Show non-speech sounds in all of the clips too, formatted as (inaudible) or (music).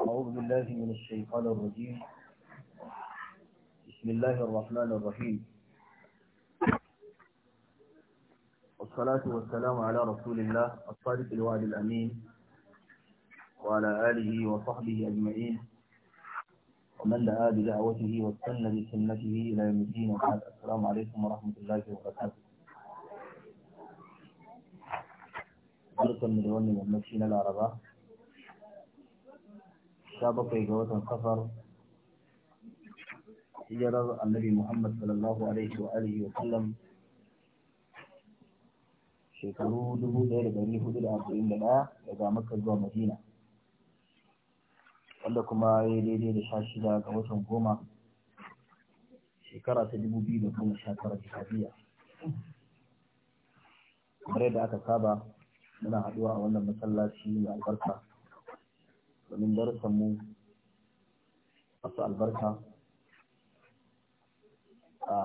أعوذ بالله من الشيطان الرجيم بسم الله الرحمن الرحيم والصلاة والسلام على رسول الله الصادق الوعد الأمين وعلى آله وصحبه أجمعين ومن دعا بدعوته واستنى بسنته إلى يوم الدين وبعد السلام عليكم ورحمة الله وبركاته barkan mu da wannan yammaci sha bakwai ga watan safar hijirar annabi muhammad sallallahu alaihi wa alihi wa sallam shekaru dubu daya da ɗari hudu da arba'in da ɗaya daga makka zuwa madina wanda kuma ya yi daidai da sha shida ga watan goma shekara ta dubu biyu da goma sha tara jihadiya kamar yadda aka saba muna haɗuwa a wannan masallaci mai albarka domin mu masu albarka a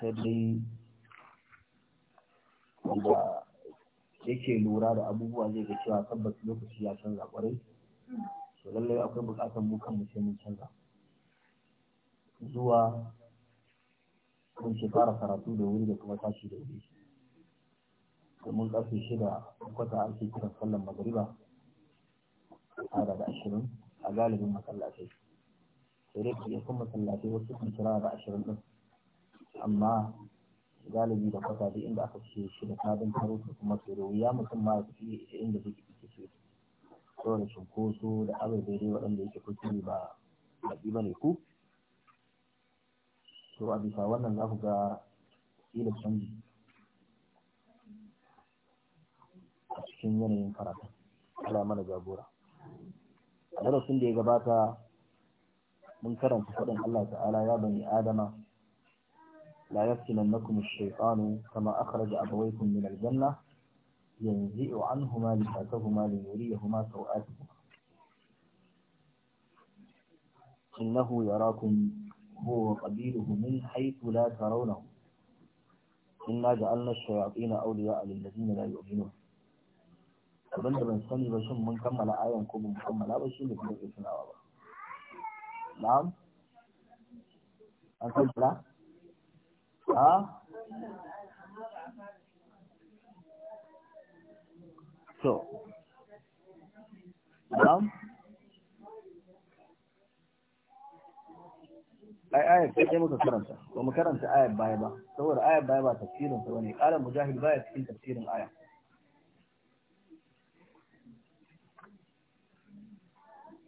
sai wanda yake lura da abubuwa zai ga cewa tabbas lokaci ya canza kwarai to lallai akwai bukatar mu kanmu sai mun canza zuwa kun shekara karatu da wuri da kuma tashi da wuri domin karfe shida kwata ake kiran sallan magariba tara da ashirin a galibin masallatai sai dai iya kuma masallatai wasu kan kira da ashirin din amma galibi da kwata da inda aka ce shi ta don taro su kuma tsoro ya mutum ma su inda suke ke ce da cunkoso da abin dai waɗanda yake kuskure ba ɗi ba ne ku so a bisa wannan za ku ga ƙila canji a cikin yanayin karatu Allah mana jagora a darasin da ya gabata mun karanta faɗin Allah ta'ala ya bani adama la yaftinannakum ash-shaytanu kama akhraja abawaykum min al-janna yanzi'u anhuma libasahuma liyuriyahuma sawatihima إنه يراكم هو وقبيله من حيث لا ترونه إنا جعلنا الشياطين أولياء للذين لا يؤمنون abin da ban sani ba shin mun kammala ayan ko mun kammala ba shi ne kuma ke tunawa ba na'am an kammala so na'am ai sai muka karanta ba mu karanta ayar baya ba saboda ayar baya ba tafsirin sa bane mujahid baya cikin tafsirin ayar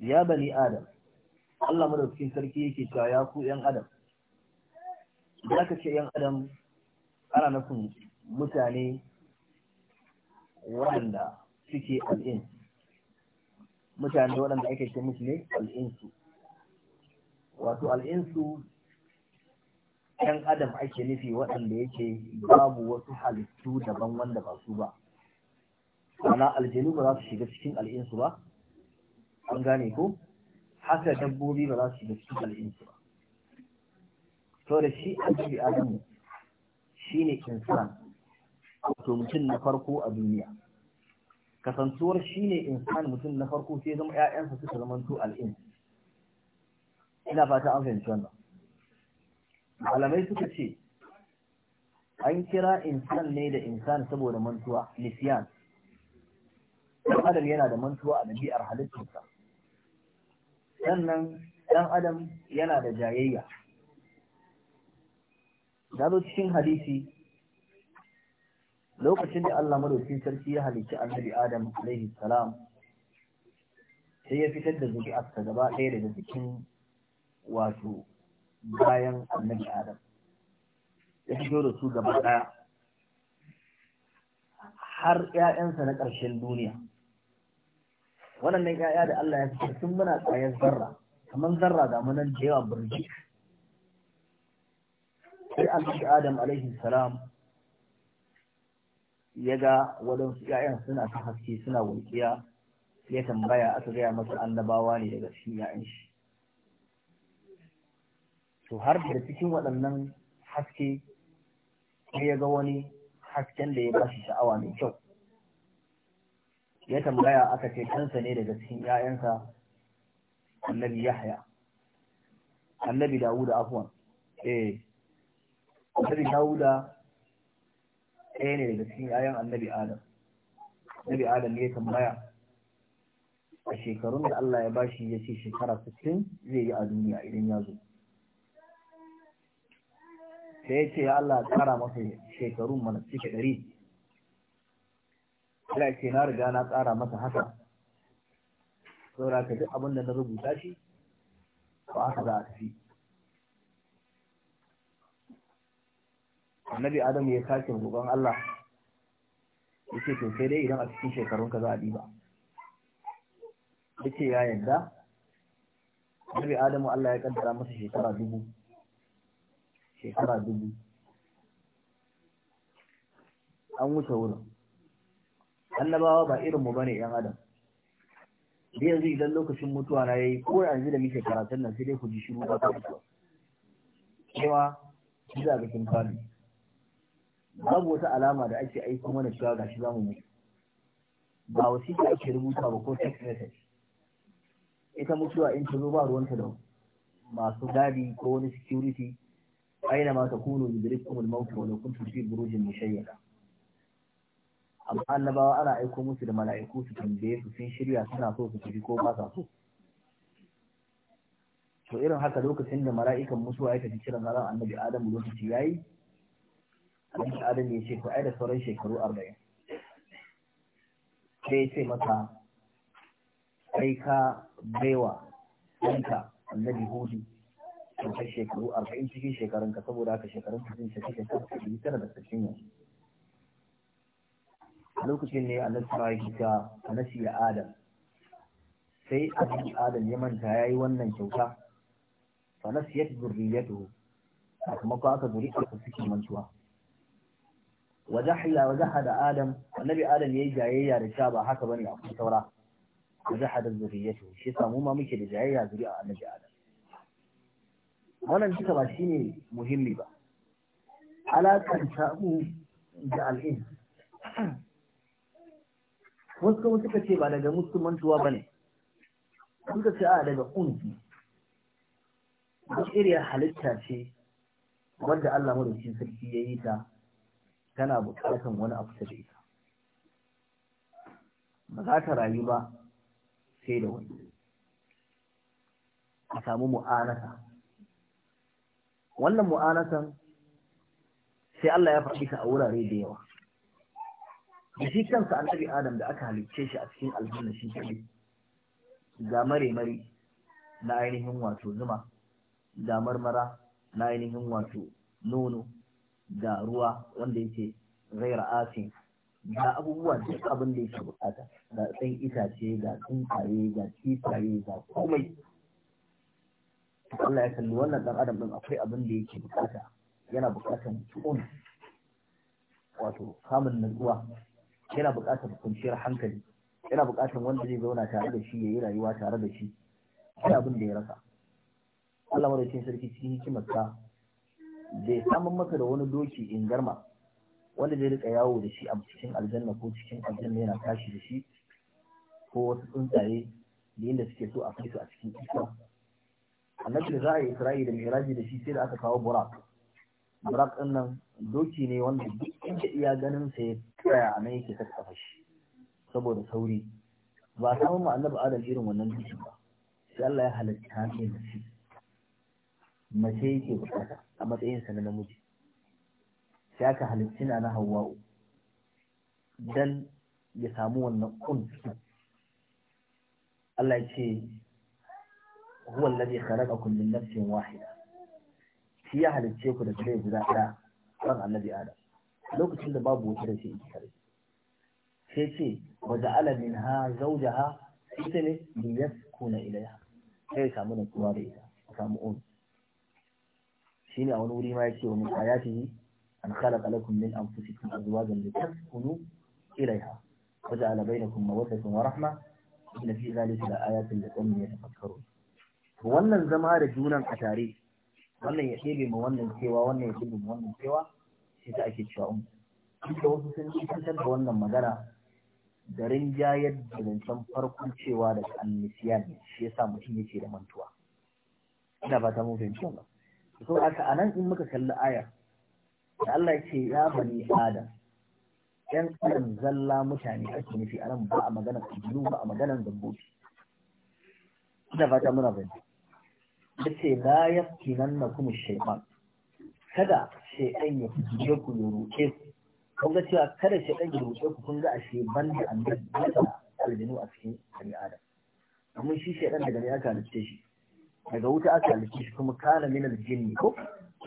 ya bani adam Allah madaukakin sarki yake cewa ya ku ‘yan adam idan aka ce ‘yan adam ana nufin mutane waɗanda suke al'in mutane waɗanda ake ce musu ne al'insu wato al'insu ‘yan adam ake nufi waɗanda yake babu wasu halittu daban wanda ba su ba ana aljanu ba za su shiga cikin al'insu ba an gane ko haka dabbobi ba za su da cikin su ba to da shi adam adamu ne insan to mutum na farko a duniya kasantuwar shi ne insan mutum na farko sai zama ƴaƴansa suka zama to al'in ina fata an fahimci wannan malamai suka ce an kira insan ne da insan saboda mantuwa Ɗan adam yana da mantuwa a ɗabi'ar halittarsa sannan ɗan adam yana da jayayya Da zo cikin hadisi lokacin da Allah madaukin sarki ya halicci annabi Adam alaihi salam sai ya fitar da zuri'arsa gaba ɗaya daga cikin wato bayan annabi Adam ya fito da su gaba ɗaya har ‘ya'yansa na ƙarshen duniya waɗannan 'ya'ya da Allah ya fitar sun muna tsayar zarra kamar zarra da munan da yawa burji sai alhaji adam alaihi salam ya ga waɗansu ƴaƴan suna ta haske suna walƙiya ya tambaya aka gaya masa annabawa ne daga cikin ƴaƴan shi to har da cikin waɗannan haske sai ya ga wani hasken da ya bashi sha'awa mai kyau ya tambaya aka ce kansa ne daga cikin ‘ya'yansa annabi Yahya, annabi Dawuda afwan. Eh, annabi Dawuda ɗaya ne daga cikin ‘ya'yan annabi Adam. Annabi Adam ya tambaya a shekarun da Allah ya bashi ya ce shekara 60 zai yi a duniya idan ya zo. Sai ya ce ya Allah ya kara masa shekarun mana cike ɗari Allah ce na riga na tsara masa haka saboda ka duk abin da na rubuta shi ba haka za a tafi annabi adam ya sake roƙon Allah ce to sai dai idan a cikin shekarun ka za a diba Yake ya yarda annabi adamu Allah ya kaddara masa shekara dubu shekara dubu an wuce wurin annabawa ba irinmu ba ne ‘yan adam da yanzu idan lokacin mutuwa na ya yi ko yanzu da muke karatun nan sai dai ku ji shiru ba ta mutuwa cewa shi za ga kin babu wata alama da ake aiko mana cewa gashi za mu mutu ba wasiƙa ake rubuta ba ko text message ita mutuwa in ta zo ba ruwanta da masu gadi ko wani security aina ma takunu yudrikumul maut wa law kuntum fi burujin mushayyada amma annabawa ana aiko musu da mala'iku su tambaye su sun shirya suna so su tafi ko ba sa so to irin haka lokacin da mala'ikan musuwa ya tafi kiran zaran annabi adamu lokaci ya yayi annabi adam ya ce to ai da sauran shekaru arba'in. sai ya ce masa kai ka baiwa ɗanka annabi hudu kyautar shekaru arba'in cikin shekarunka saboda haka shekarun sun shafi shekaru ɗari tara da sashin yanzu lokacin ne annabi sallallahu alaihi wasallam nasi ya adam sai abin adam ya manta ya yi wannan kyauta fa nasiyat kuma sakamakon aka zuri aka suke mantuwa wajahila jahila wa adam annabi adam yayi jayayya da sha ba haka bane a saura wa jahada zurriyatu shi yasa mu ma muke da jayayya zuri a annabi adam wannan duka ba shine muhimmi ba alaƙar ta'u da al'in wasu kuma suka ce ba daga musulmantuwa ba ne suka ce a daga kungi duk iriyar halitta ce wadda Allah madaukakin sarki ya yi ta tana buƙatar wani abu ta ita ba za ta rayu ba sai da wani a samu mu'anata wannan mu'anatan sai Allah ya faɗi ta a wurare da yawa da shi kansa annabi adam da aka halicce shi a cikin aljanna shi kaɗai ga mare-mare na ainihin wato zuma da marmara na ainihin wato nono da ruwa wanda yake zaira asin ga abubuwa duk abin da yake bukata ga tsan itace ga tsuntsaye ga kifaye ga komai Allah ya kalli wannan dan adam din akwai abin da yake bukata yana bukatan tsun wato samun nutsuwa yana buƙatar kwanciyar hankali yana buƙatar wanda zai zauna tare da shi ya yi rayuwa tare da shi sai abin da ya rasa Allah madaukin sarki cikin hikimarsa bai samun masa da wani doki in garma wanda zai rika yawo da shi a cikin aljanna ko cikin aljanna yana tashi da shi ko wasu tsuntsaye da inda suke so a kai su a cikin iska annabi da za a yi isra'i da miraji da shi sai da aka kawo burak burak ɗin nan doki ne wanda duk inda iya ganin sa ya tsaya a nan yake sassafa shi saboda sauri ba a samu ma'anar adam irin wannan doki ba sai Allah ya halitta mai mace mace yake bukata a matsayin sa na namiji sai aka halitta na hawa'u dan ya samu wannan kun Allah ya ce huwa alladhi khalaqakum min nafsin wahida shi ya halicce ku da kare guda ɗaya ɗan annabi adam lokacin da babu wata da shi ita kare sai ce wa ja'ala minha zawjaha ita ne liyaskuna ilaiha, sai ya samu nutsuwa da ita ya samu un um. shine a wani wuri ma yace wa min yi" an kala lakum min anfusikum azwajan litaskunu ilayha wa ja'ala bainakum mawaddatan wa rahma inna fi dhalika la ayatin li qaumin yatafakkarun wannan zama da junan a tare wannan ya ɗebe ma wannan cewa wannan ya ɗebe ma wannan cewa shi ta ake cewa um duk da wasu sun kusantar da wannan magana da rinjayar da zancen farkon cewa da annisiyan shi ya sa mutum yake da mantuwa ina fata mun fahimci wannan so aka anan in muka kalli aya da Allah ya ce ya bani adam yan adam zalla mutane ake nufi anan ba a maganar kabilu ba a maganar dabbobi ina fata muna fahimta yace la yaftinannakum kuma shaytan kada shaytan ya fice ku ya ruɗe ku kun ga cewa kada shaytan ya ruɗe ku kun ga ashe banda annabi da aljinu a cikin bani adam amma shi shaytan daga ne aka halitta shi daga wuta aka halitta shi kuma kana min al-jinni ko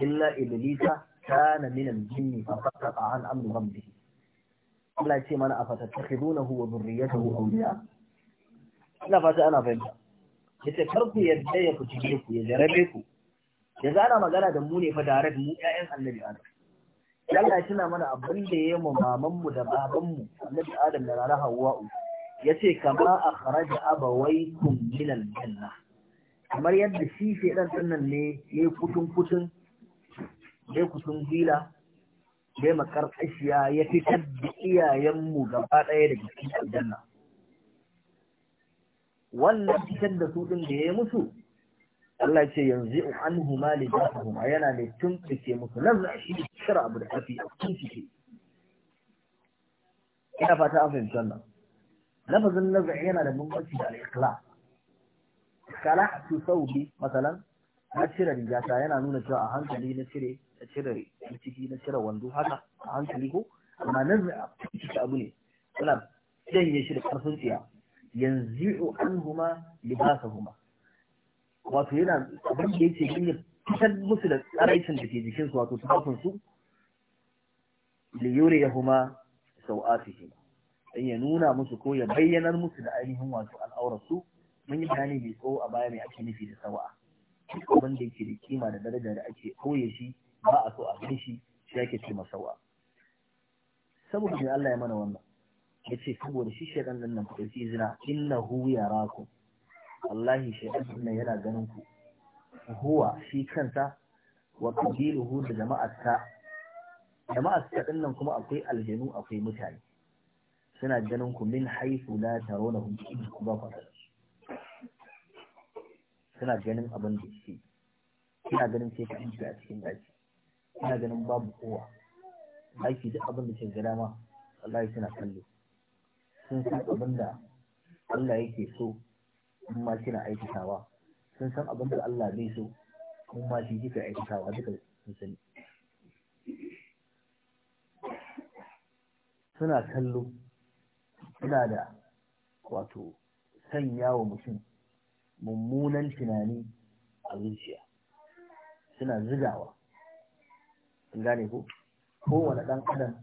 illa iblisa kana min al-jinni fa fasaqa an amri rabbihi Allah ya ce mana afatattakhidunahu wa dhurriyyatahu awliya ina fata ana fahimta yace kar ku yadda ya kuci ku ya jarabe ku ya zana magana da mu ne fa direct mu ƴaƴan annabi Adam Allah tuna mana abin da ya mu maman mu da baban mu annabi Adam da rana Hawwa'u yace kama akhraja abawaykum min al-janna kamar yadda shi shedan dan sannan ne ya kutun kutun ya kutun gila ya makarƙashiya ya fitar da iyayen mu gaba ɗaya daga cikin aljanna wannan cikin da su ɗin da ya musu Allah ce yanzu in an huma li huma yana ne tun ke musu nazza shi shira abu da kafi a cikin shi ke. ina fata an fahimci wannan lafazin zai yana da mummaci da al-ikhlas su thawbi masalan na cire rigata yana nuna cewa a hankali na cire na cire ciki na cire wando haka a hankali ko amma nan a shi abu ne suna janye shi da ƙarfin tsiya yanzi'u anhuma libasahuma wato yana abin da yake yin fitar musu da tsaraicin da ke jikin su wato tufafin su li sau'a yahuma sau'atihim dan ya nuna musu ko ya bayyanar musu da ainihin wato al'aurar su mun yi bayani mai tsawo a baya mai ake nufi da sau'a. duk abin da yake da kima da daraja da ake koye shi ba a so a gan shi shi ake ce sawa'a saboda Allah ya mana wannan ya ce saboda shi shaidan nan nan kuɗin izina inna hu ya raku wallahi shaidan nan yana ganin ku huwa shi kansa wa kabiluhu da jama'arsa jama'arsa din nan kuma akwai aljanu akwai mutane suna ganin ku min haifu la tarawna ku ba ku suna ganin abin da yake kina ganin sai ka inda a cikin daki kina ganin babu kowa daki duk abin da ke gada ma wallahi suna kallo sun san abin da Allah yake so in ma kina aikatawa sun san abin da Allah bai so in ma shi kika aikatawa duka sun sani suna kallo suna da wato sanya wa mutum mummunan tunani a zuciya suna zigawa gane ko kowane ɗan adam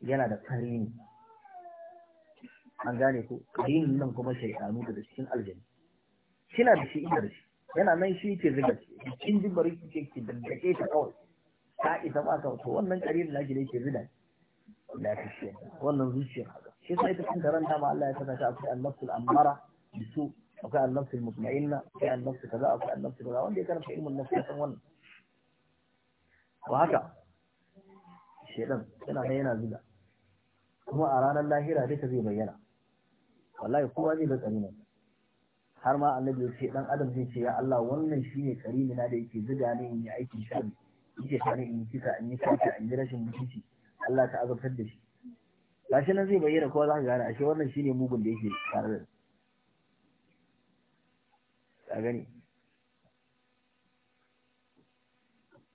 yana da fari ne an gane ko karin nan kuma shaytanu da cikin aljanna kina da shi inda da shi yana nan shi ke zuga cikin jibari kike ki dandake ta kawai ta isa ma ka to wannan karin da ne ke zuga la tafiya wannan zuciyar haka shi sai ta kan karanta ma Allah ya saka ta akwai annafsul amara su akwai annafsul mutma'inna akwai annafsul kaza akwai annafsul kaza wanda ya karanta ilmin nafsi ya san wannan wa haka shedan yana nan yana zuga kuma a ranar lahira ta zai bayyana wallahi kowa zai ga tsarina har ma annabi ya ce dan adam zai ce ya Allah wannan shine karimi na da yake zuga ne in yi aikin shan yake sani in yi kisa in yi kanta in yi rashin mutunci Allah ta azabtar da shi gashi nan zai bayyana kowa za ka gane ashe wannan shine mugun da yake tare da ka gani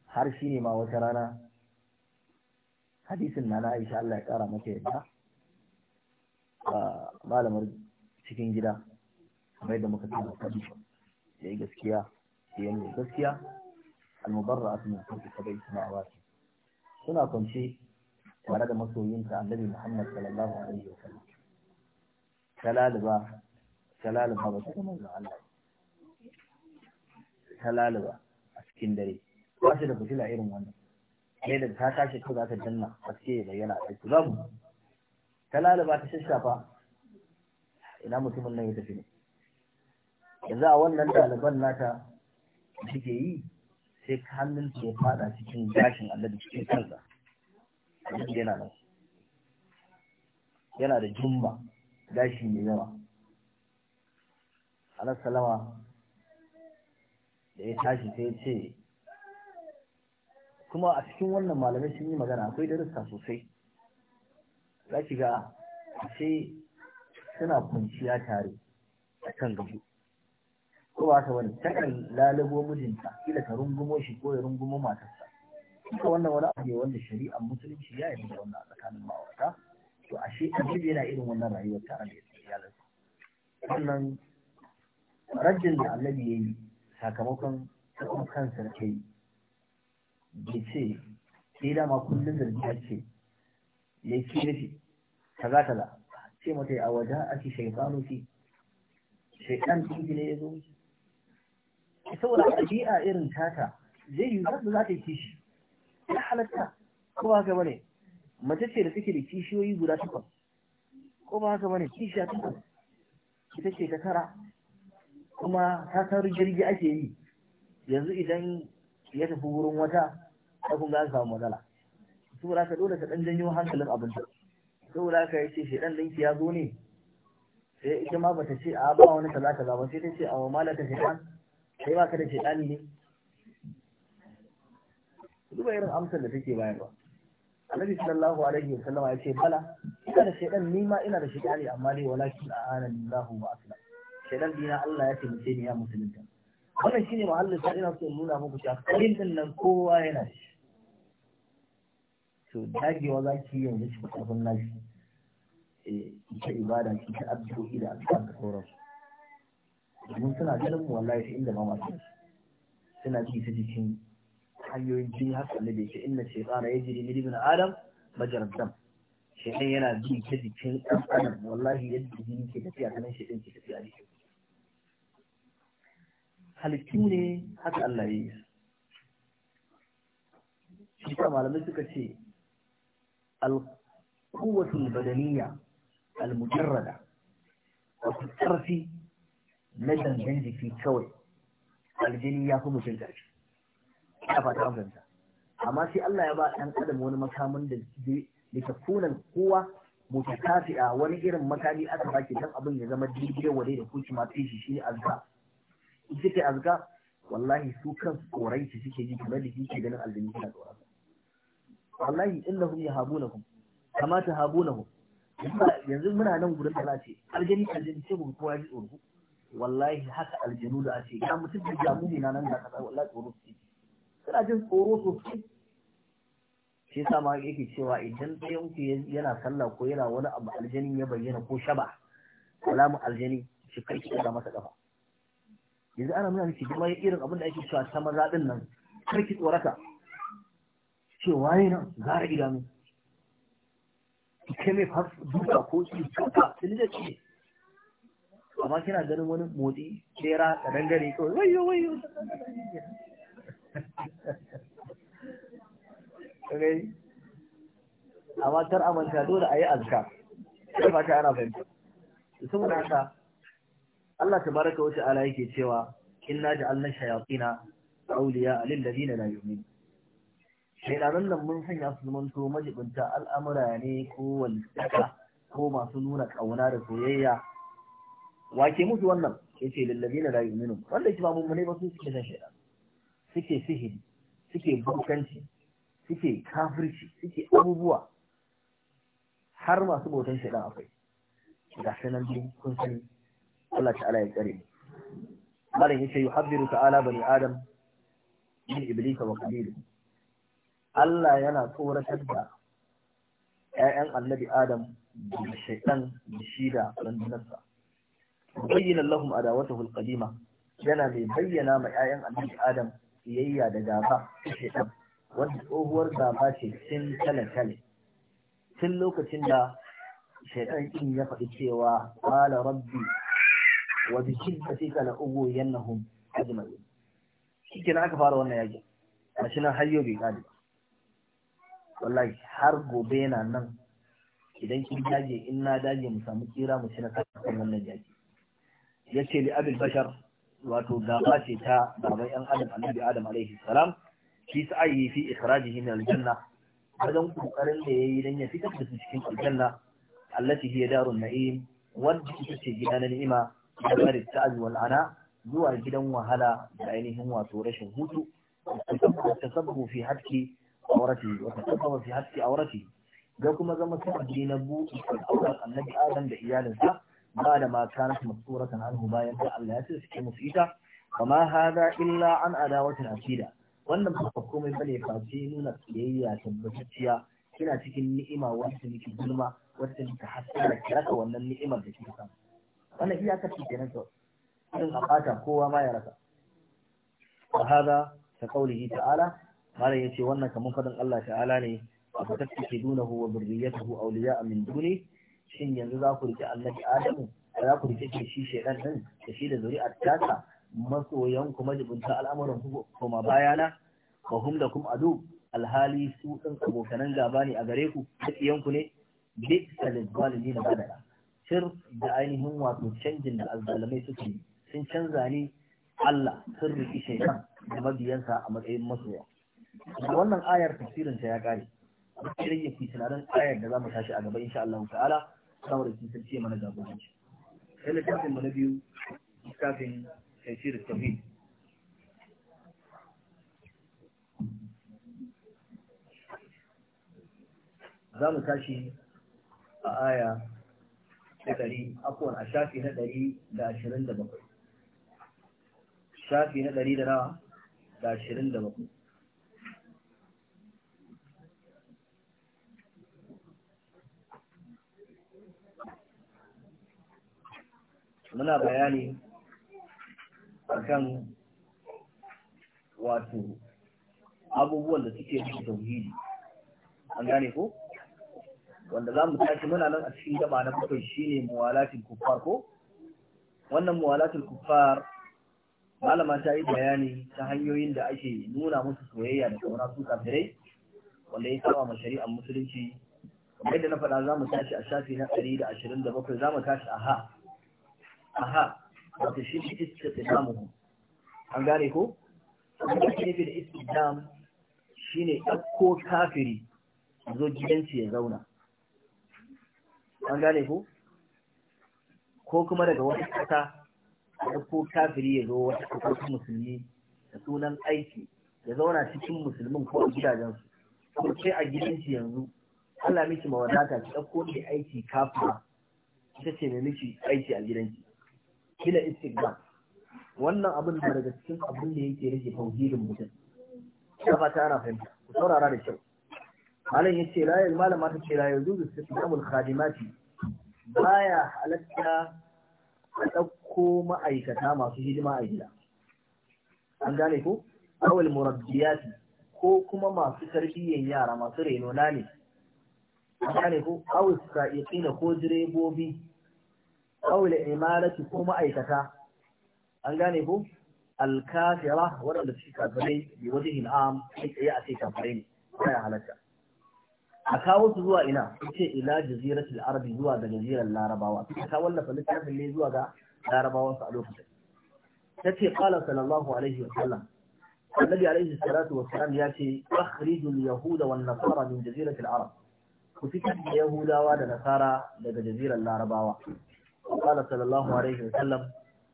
har shine ma wata rana hadisin na na Aisha Allah ya kara maka yadda ah, malamar cikin gida kamar da muka tana faɗi da yi gaskiya da yi gaskiya almubarra a cikin kanki kadai suna awaki suna kwanci tare da masoyinta annabi muhammad sallallahu alaihi wa sallam talaliba talaliba ba ta ga manzon allah talaliba a cikin dare ba shi da fitila irin wannan sai da ta tashi ko za ta danna a ya bayyana a ciki mu ta ta shafa. ina mutumin nan ya tafi ne yanzu a wannan ɗaliban nata da suke yi sai hannun su ya fada cikin gashin da cikin kansa yana nan yana da jumma gashi mai yawa ala salama da ya tashi sai ya ce kuma a cikin wannan malamai sun yi magana akwai darussa sosai za ki ga sai suna kwanciya tare a kan gado ko ba ka wani takan lalabo mijinta kila ka rungumo shi ko ya rungumo matarsa duka wannan wani abu ne wanda shari'ar musulunci ya yi da wannan a tsakanin ma'aurata to ashe jibi yana irin wannan rayuwar tare da iyalansa wannan rajin da annabi ya yi sakamakon tsakon kansa da yi. ya ce sai dama kullum zargi ya ce ya ce nufi kaza kaza sai mata a waje a ci shaitanu fi shaitan ɗinki ne ya zo wuce saboda ɗabi'a irin tata zai yi wadda za ta yi kishi ya halatta ko ba haka bane mace ce da take da kishiyoyi guda takwas ko ba haka bane a takwas ita ce ta tara kuma ta san rigirgi ake yi yanzu idan ya tafi wurin wata ta kun ga an samu matsala saboda ka dole ka ɗan janyo hankalin abin da saboda ya ce shaidan ɗinki ya zo ne sai ita ma bata ce a ba wani talata ba sai ta ce a wa ta shaidan sai ba ka da shaidan ne duba irin amsar da take bayarwa annabi sallallahu alaihi wa sallama ya ce bala ina da shaidan ni ma ina da ne amma dai walakin a'ana lillahi wa aslam shaidan dina Allah ya taimake ni ya musulunta wannan shine mahallin da ina so nuna muku cewa kalin nan kowa yana shi to dagewa za ki yanzu shi kafin nashi eh, ita ibada ki ta addu'o'i da addu'a da sauransu domin suna ganin mu wallahi sai inda ma masu suna ji ta jikin hanyoyin jini haka ne da yake inna ya jiri ni ibn adam majrad dam shaytan yana bi ta jikin dan adam wallahi yadda jini ke tafiya kanan shaytan ke tafiya a jikin halittu ne haka Allah ya yi shi malamai suka ce القوة البدنية المجردة وفي الطرف نجم جنزي في كوي aljini ya fi mutum ƙarfi ina fata an fahimta amma sai Allah ya ba ɗan adam wani makamin da bisa kunan kowa mutakafi'a wani irin makami aka baki dan abin ya zama daidai wadai da kuki ma fi shi shine azga ita ce azga wallahi su kan tsorai su suke ji kamar da kike ganin aljini suna tsoron wallahi innahum yahabunakum kama tahabunahum yanzu muna nan gurin da ce aljani aljani ce mun kowa ji tsoro wallahi haka aljanu da ce ga mutum da jamu na nan da kaza wallahi tsoro ce kana jin tsoro sosai shi yasa ma yake cewa idan ɗayan ku yana sallah ko yana wani abu aljanin ya bayyana ko shaba alamu aljani shi kai ki da masa kafa yanzu ana muna nake kuma irin abin da ake cewa ta maza nan kar ki tsorata ce waye nan za zara idanu ki kai mai fas duka ko ki duka sun da ce amma kina ganin wani motsi tsera da dangare kawai wayo wayo (laughs) okay amma kar amanta dole a yi azka sai ba ta ana fahimta saboda haka Allah tabaraka wa ta'ala yake cewa inna ja'alna shayatina awliya lil ladina la yu'minun shaidanan nan mun sanya su to majibinta al'amura ne ko walisaka ko masu nuna ƙauna da soyayya wake musu wannan ya ce lallabi na rayu minu wanda shi ba mummune ba su suke san shaidan suke sihiri suke bukanci suke kafirci suke abubuwa har masu bautan shaidan akwai ga sanan biyu kun sani Allah ta'ala ya tsare mu malam yace yuhabbiru ta'ala bani adam min iblisa wa qabilihi Allah yana tsoratar da ‘ya'yan annabi Adam da shaiɗan da shi da rundunarsa. Bayyana lahum a hulƙalima yana mai bayyana ma ‘ya'yan annabi Adam siyayya da gaba ta shaiɗan wanda tsohuwar gaba ce tun tale-tale. Tun lokacin da shaiɗan ɗin ya faɗi cewa ƙala rabbi wa bi shiddatika Ugo, ughwiyannahum ajma'in. Shi aka fara wannan yaƙi. Mashinan hayyo bai ƙare wallahi har gobe yana nan idan kin dage in na dage mu samu kira mu shiga na kan wannan yaki yace li abul bashar wato gaba ce ta baban yan adam annabi adam alaihi salam fi sa'i fi ikhrajihi min aljanna wajen kokarin da yayi dan ya fitar da su cikin aljanna allati hiya darun na'im wanda ita ce gida na ni'ima da barin ta'azi wal ana zuwa gidan wahala da ainihin wato rashin hutu sabbu fi hadki aurati wa tasabbaha wasu haske aurati da kuma zama sababi na buɗe al'aurar annabi adam da iyalinsa ba da ma kanat masuratan anhu bayan da Allah ya tsike musu ita kama hada illa an adawatin akida wannan ba komai bane face nuna tsiyayya tabbatacciya kina cikin ni'ima wacce nake gulma wacce nake hasara raka wannan ni'imar da kika samu wannan iyaka ce kenan to in a kowa ma ya rasa wa hada ta kaulihi ta'ala malam ya ce wannan kaman fadin Allah ta'ala ne a fatattake dunahu ya zurriyatahu awliya min duni shin yanzu za ku rike annabi Adamu za ku rike shi shedan din da shi da zuri'ar tasa masoyan ku majibunta al'amuran kuma bayana wa hum lakum adu alhali su din abokanan gaba ne a gare ku duk ku ne bi salil zalimin badala sir da ainihin wato canjin da azzalamai suke sun canza ne Allah sun riƙi shaitan da mabiyansa a matsayin masoya. wannan ayar tafsirin ta ya kare duk ya fi tunanin ayar da za mu tashi a gaba insha Allah ta'ala saboda kin san ce mana jagoranci sai littafin mu na biyu kafin tafsir tauhid za mu tashi a aya ta ɗari akwai a shafi na ɗari da ashirin da bakwai shafi na ɗari da rawa da ashirin da bakwai muna bayani akan wato abubuwan da suke cikin tauhidi an gane ko wanda za mu tashi muna nan a cikin gaba na bakwai shine muwalatul kuffar ko wannan muwalatul kuffar malama ta yi bayani ta hanyoyin da ake nuna musu soyayya da kauna su kafirai wanda ya saba ma shari'ar musulunci kamar yadda na faɗa za mu tashi a shafi na ɗari da ashirin da bakwai za mu tashi a ha aha wata shi ne istiqdamu an gane ko wanda shi fi da istidam shine ɗauko kafiri zo gidansu ya zauna an gane ko ko kuma daga wata ƙasa ɗauko kafiri ya zo wata ƙasar musulmi da sunan aiki ya zauna cikin musulmin ko a gidajensu ko ce a gidansu yanzu Allah miki mawadata ki ɗauko ne aiki kafira ita ce mai miki aiki a gidanki kila istiqbal wannan abin da daga cikin abin da yake rage tauhidin mutum ina fata ana fahimta ku saurara da kyau malam yace la yal malama ta ce la yajuzu istisnamul khadimati baya halatta a ɗauko ma'aikata masu hidima a gida an gane ko awal murabbiyati ko kuma masu tarbiyyar yara masu reno na ne an gane ko awal sa'iqina ko direbobi awil imanati ko ma'aikata an gane ku? alkafira waɗanda suke kafirai bi wajen am kai ya a ce kafirai ne ba ya halatta a kawo su zuwa ina ce ila jaziratul arabi zuwa ga jazirar larabawa ta wallafa littafin ne zuwa ga larabawan su a lokacin tace qala sallallahu alaihi wa sallam annabi alaihi salatu wa salam ya ce akhrijul yahuda wan nasara min jaziratul arab ku fitar da yahudawa da nasara daga jazirar larabawa قال صلى الله عليه وسلم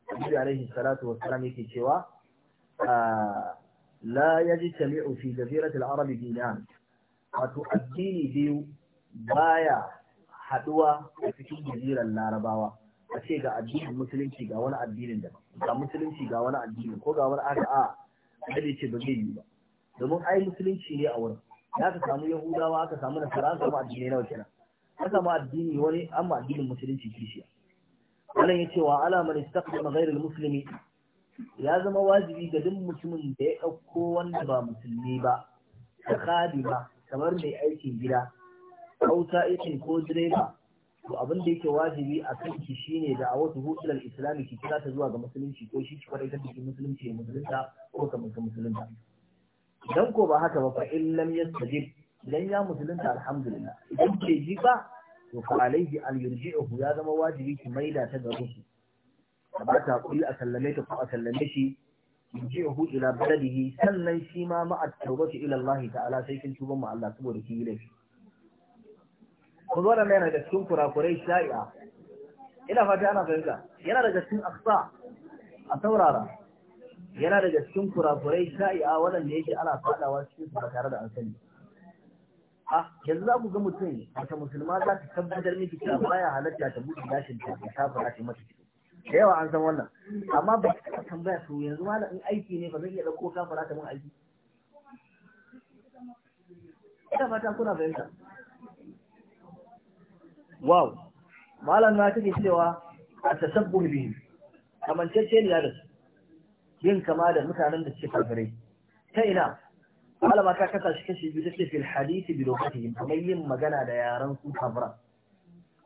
alaihi عليه الصلاه yake cewa ah, la لا fi jaziratil arabi dinan wato addini biyu baya haduwa a cikin jazirar larabawa a ce ga addinin musulunci ga wani addinin da ga musulunci ga wani addini ko ga wani aka a da ce ba zai yi ba domin ai musulunci ne a wurin ya ka samu yahudawa aka samu nasara an samu addinai nawa kenan an samu addini wani an addinin musulunci kishiya wannan yace wa ala man istaqdama ghayra muslimi ya zama wajibi ga duk mutumin da ya dauko wanda ba musulmi ba da khadima kamar mai aikin gida kauta ikin ko direba to abin da yake wajibi a kan shi shine da a wasu hudul islami ki kira ta zuwa ga musulunci ko shi ki kwarai ki musulunci ya musulunta ko ka musulunta dan ko ba haka ba fa in lam yastajib idan ya musulunta alhamdulillah idan ke ji ba to fa alaihi an yurji'uhu ya zama wajibi ki maida ta gare shi da ba ta kuri a sallame ta ko a sallame shi yurji'uhu ila baladihi sannan shi ma ma at-tawbati ta'ala sai kin tuba ma Allah saboda ki yi laifi ko zo da mai daga cikin kurakurai shari'a ina fata ana yana a taurara yana kurakurai sha'i'a waɗanda yake ana faɗawa cikin su tare da a yanzu za ku ga mutum wata musulma za ta tabbatar miki cewa baya halatta ta buɗe gashin ta ta fara ta mata da yawa an san wannan amma ba ta tambaya su yanzu da in aiki ne ba zan iya ɗauko ta fara ta mun aiki ina fata kuna fahimta wow malam na take cewa a biyu kamar cece ne da su yin kama da mutanen da suke kafirai ta ina malama ta kasa shi kashi biyu take fil hadisi bi lokacin kamar yin magana da yaran su kabra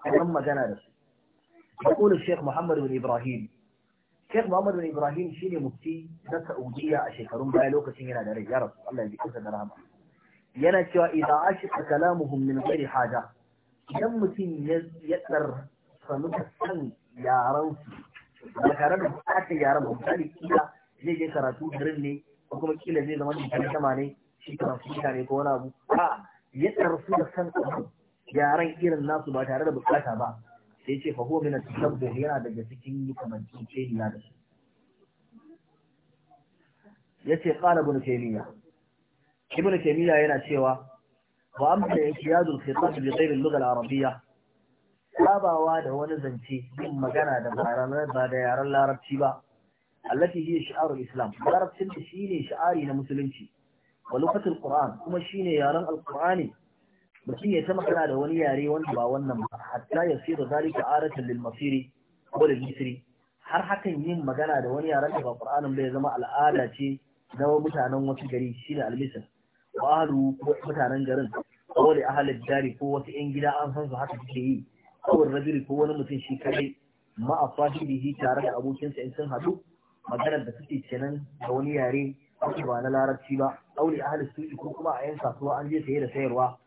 kamar magana da su يقول الشيخ muhammad بن ibrahim. Sheikh Muhammad bin Ibrahim shine mufti na Saudiya a shekarun baya lokacin yana da rai ya rasu Allah ya ji kansa da rahama. Yana cewa idan ashika kalamuhum min ghairi haja idan mutum ya tsar sanu da san yaran su ba tare da bukatar yaran ba misali kila zai je karatu garin ne ko kuma kila zai zama jikin sama ne shi kan fita ne ko wani abu a ya tsarsu da san yaran irin nasu ba tare da bukata ba sai ce fa huwa min at yana daga cikin yikamanci ce ni da ce yace qala ibn taymiya ibn taymiya yana cewa wa amma ikhtiyadul khitab bi ghayr al-lugha al-arabiyya sabawa da wani zance yin magana da ba da yaran larabci ba allati hiya shi'arul islam larabcin da shine sha'ari na musulunci wa lugatul qur'an kuma shine yaren alqur'ani mutum ya ta magana da wani yare wanda ba wannan ba hatta ya sirra zalika aratan lil masiri ko lil har hakan yin magana da wani yaren da ba qur'anin ba ya zama al'ada ce na mutanen wasu gari shine al-misr wa ahlu ko mutanen garin ko da ahalin dari ko wasu yan gida an san su haka suke yi kawai rajuli ko wani mutum shi kadai ma a tare da abokinsa in sun haɗu maganar da suke kenan da wani yare wacce ba na larabci ba aure ahli su'i ko kuma a yan kasuwa an je saye da sayarwa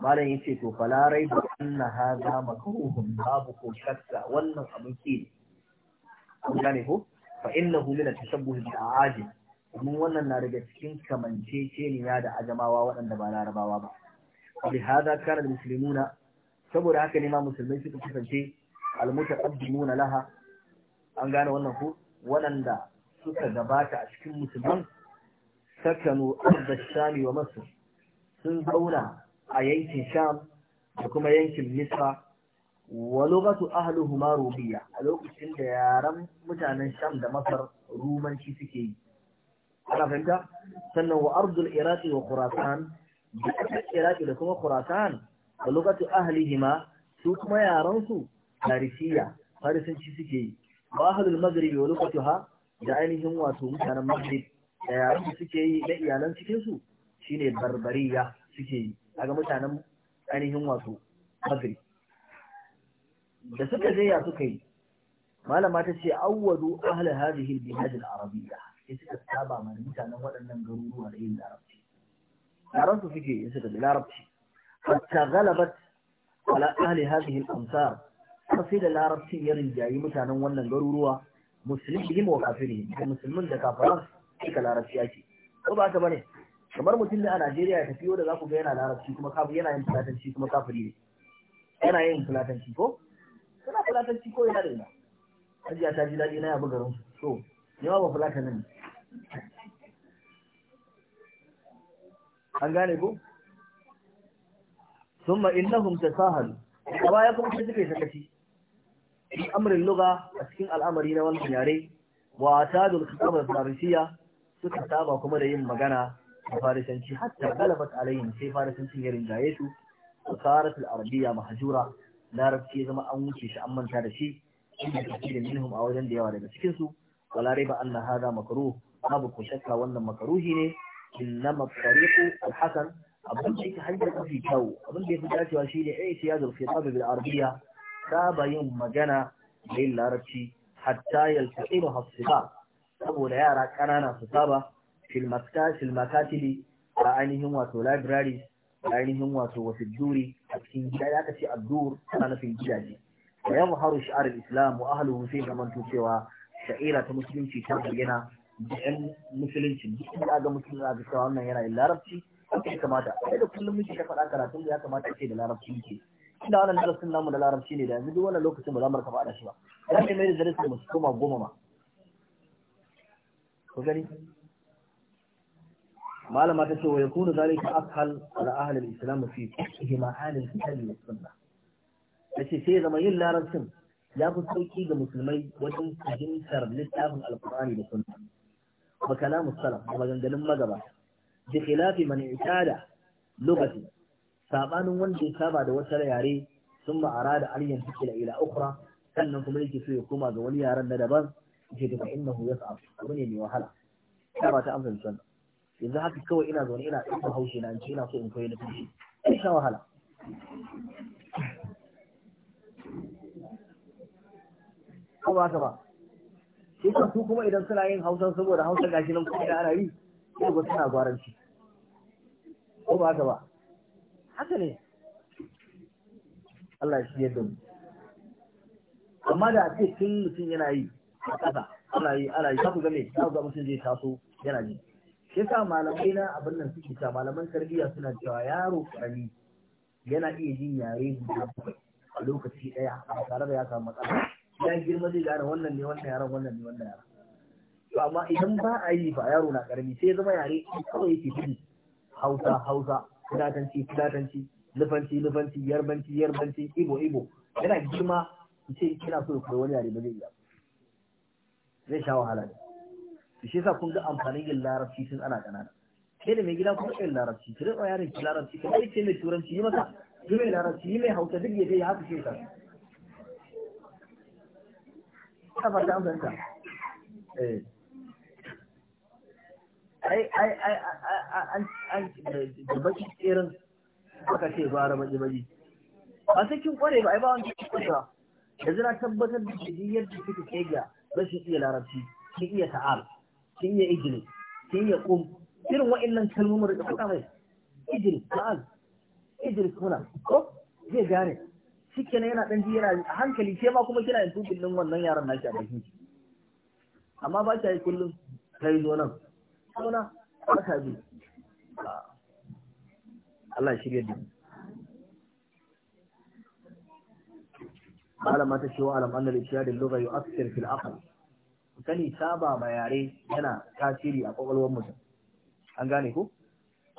malam yace to falarai da anna hada makruhun babu ko shakka wannan abin ke ne gane ko fa innahu min at-tashabbuh bi a'ajib mun wannan na daga cikin kamance kamanceceniya da ajamawa waɗanda ba larabawa ba bi hada kana muslimuna saboda haka ne ma musulmai suka kasance al-mutaqaddimuna laha an gane wannan ko waɗanda suka gabata a cikin musulman sakanu arda shami wa masar sun zauna a yankin sham da kuma yankin misra wa lugatu ahluhuma rubiya a lokacin da yaran mutanen sham da masar rumanci suke yi ana fahimta sannan wa ardul iraqi wa khurasan da ƙasar iraqi da kuma khurasan wa lugatu ahlihima su kuma yaran su farisiya farisanci suke yi wa ahlul maghrib wa luqatuha da ainihin wato mutanen maghrib da yaran da suke yi da iyalan cikin su shine barbariya suke yi daga mutanen ainihin wato maghrib da suka je ya suka yi malama ta ce awwadu ahli hadhihi al-bilad al-arabiyya sai suka saba ma mutanen waɗannan garuruwa da yin larabci yaran su suke yin suka da larabci hatta galabat ala ahli hadhihi al-amsar sai da larabci ya rinjayi mutanen wannan garuruwa musulmi wa kafiri da musulmin da kafaran ka larabci ake ko ba ta bane kamar mutum ne a Najeriya ya tafiyo da zaku ga yana larabci kuma kafiri yana yin fulatanci kuma kafiri ne yana yin fulatanci ko suna fulatanci ko yana da ina Hajiya ta ji daɗi na yabi garin so ne ba fulatan nan an gane ko ثم إنهم تساهلوا a baya kuma shi suka yi sakaci fi amrin luga a cikin al'amari na wannan yare wata tadul kitabul farisiya suka saba kuma da yin magana da farisanci hatta galabat alayhim sai farisancin ya ringaye su sarat al-arabiyya mahjura larabci zama an wuce shi an manta da shi inda kake da minhum a wajen da yawa daga cikin su wala riba anna hada makruh babu ku shakka wannan makruhi ne innama tariqu al-hasan abin da yake hanyar mafi kyau abin da ya fi dacewa shi ne ai tiyadul kitabul arabiyya saba yin magana da yin larabci hatta yaltaqiru hasiba saboda yara ƙanana su saba fil makatibi a ainihin wato libraries a ainihin wato wasu duri a cikin gida ya kace addur tana nufin gidaje wa yadhharu shi'ar islam wa ahluhu sai zamanto cewa sha'ira ta musulunci ta bayyana da yan musulunci duk da ga musulunci ga cewa wannan yana yin larabci ya kamata sai da kullum muke ta faɗa karatun ya kamata ce da larabci ke inda wannan darasin namu da larabci ne da yanzu duk wannan lokacin ba za mu rika faɗa shi ba Za ne mai da darasin mu su koma goma ma ku gani malama ta ce wa yakunu zalika akhal ala ahli al-islam fi fiqhi ma ahli al-kitab wa sunnah tace sai zama yin larabcin ya fi sauki ga musulmai wajen fahimtar littafin alkur'ani da sunna wa kalamu salaf da maganganun magaba bi khilafi man i'tada lugati sabanin wanda ya saba da wata yare sun ma'ara da aryan tukila ila ukra sannan kuma yake so ya koma ga wani yaren na daban yake inna hu yas'ab abu ne mai wahala ta ba ta amsa sunan yanzu haka kawai ina zaune ina ɗaukar haushi na ce ina so in koyi nufi ai sha wahala ko ba ka ba shi kan su kuma idan suna yin hausa saboda hausa gashi nan kuma da ana yi ko ba suna gwaranci ko ba ka ba haka ne Allah shi ya damu amma da ce tun mutum yana yi a ƙasa ana yi ana yi za ku ga me za ku ga mutum zai taso yana yi shi sa malamai na abin nan suke ta malaman tarbiyya suna cewa yaro karami yana iya jin yare guda bakwai a lokaci ɗaya A tare da ya samu matsala ya girma zai gane wannan ne wannan yaran wannan ne wannan yaran to amma idan ba a yi ba yaro na karami sai ya zama yare kawai yake gudu hausa hausa fulatanci fulatanci lufanci lufanci yarbanci yarbanci ibo ibo yana girma ce kina so ya wani yare ba zai iya zai sha wahala ne to shi yasa kun ga amfanin yin larabci tun ana kanana kai da mai gida kuma yin larabci ki rinka yaron ki larabci kamar yake mai turanci yi masa yi mai larabci yi mai hausa duk ya dai haka shi yasa ta fata an fahimta eh ai ai ai an an da baki tsirin aka ce gwara baji baji ba sai kin kware ba ai ba wanda kin kware ba yanzu na tabbatar da shi yadda kike kega rashin iya larabci kin iya ta'al kin iya ijili kin iya qum irin wa'annan kalmomin da kuka mai ijili ta'al ijili kuna ko zai gane shikenan yana dan ji A hankali ke ma kuma kina yin tubin wannan yaran naki a bakin amma ba ki yi kullum kai zo nan sauna ba ta bi Allah shirya da malama ta cewa alam annal da lugha yu'athir fil aql Kani saba ma yare yana tasiri a ƙwaƙwalwar mutum an gane ko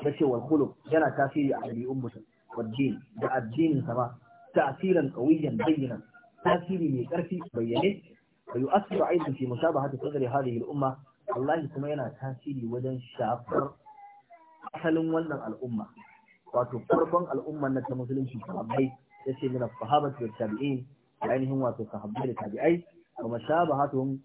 da cewar Kulu yana tasiri a ɗabi'un mutum waddin da addinin sa ba tasirin qawiyan bayyana tasiri mai ƙarfi bayyane wa yu'athiru aidan fi mushabahati sadri hadhihi al-umma wallahi kuma yana tasiri wajen shafar asalin wannan al'umma wato farkon al'umma na ta musulunci sahabbai ya ce mana sahabatu da tabi'in da ainihin wato sahabbai da tabi'ai wa mashabahatuhum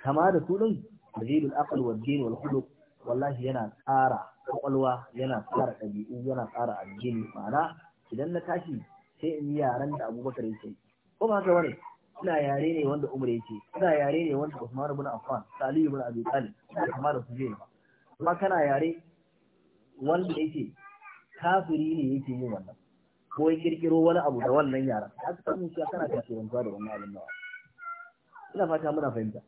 kama da su din mazidul aql wa din wal khuluq wallahi yana tsara kwakwalwa yana tsara ɗabi'u yana tsara addini ma'ana idan na tashi sai in yi yaran da abubakar yake ko ba haka bane ina yare ne wanda umar yake ina yare ne wanda usman ibn affan ali ibn abi talib kuma da suje ba Kuma kana yare wanda yake kafiri ne yake yin wannan ko ya kirkiro wani abu da wannan yaran aka samu shi kana kashe wanzuwa da wannan abin nawa ina fata muna fahimta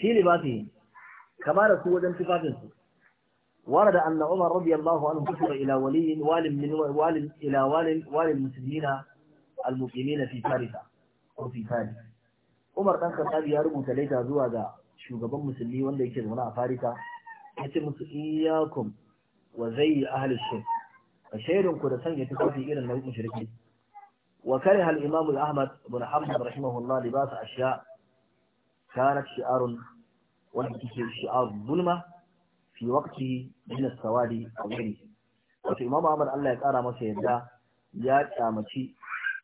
shi libasi kama da su wajen su ورد أن عمر رضي الله عنه كفر إلى ولي وال من وال إلى وال وال المسلمين al-muqimina fi farisa ko fi fari Umar dan Khattab ya rubuta laita zuwa ga shugaban musulmi wanda yake zaune a Farisa yace musu iyyakum wa zayyi ahli shirk ashirun ku da sanya tufafi irin na mushriki wa kariha al-imam al-Ahmad ibn Hanbal rahimahullah libas ashya kanat shi'arun wa hiya shi'ar zulma fi waqtihi min as-sawadi aw ghairihi wato imam Ahmad Allah ya kara masa yadda ya kyamaci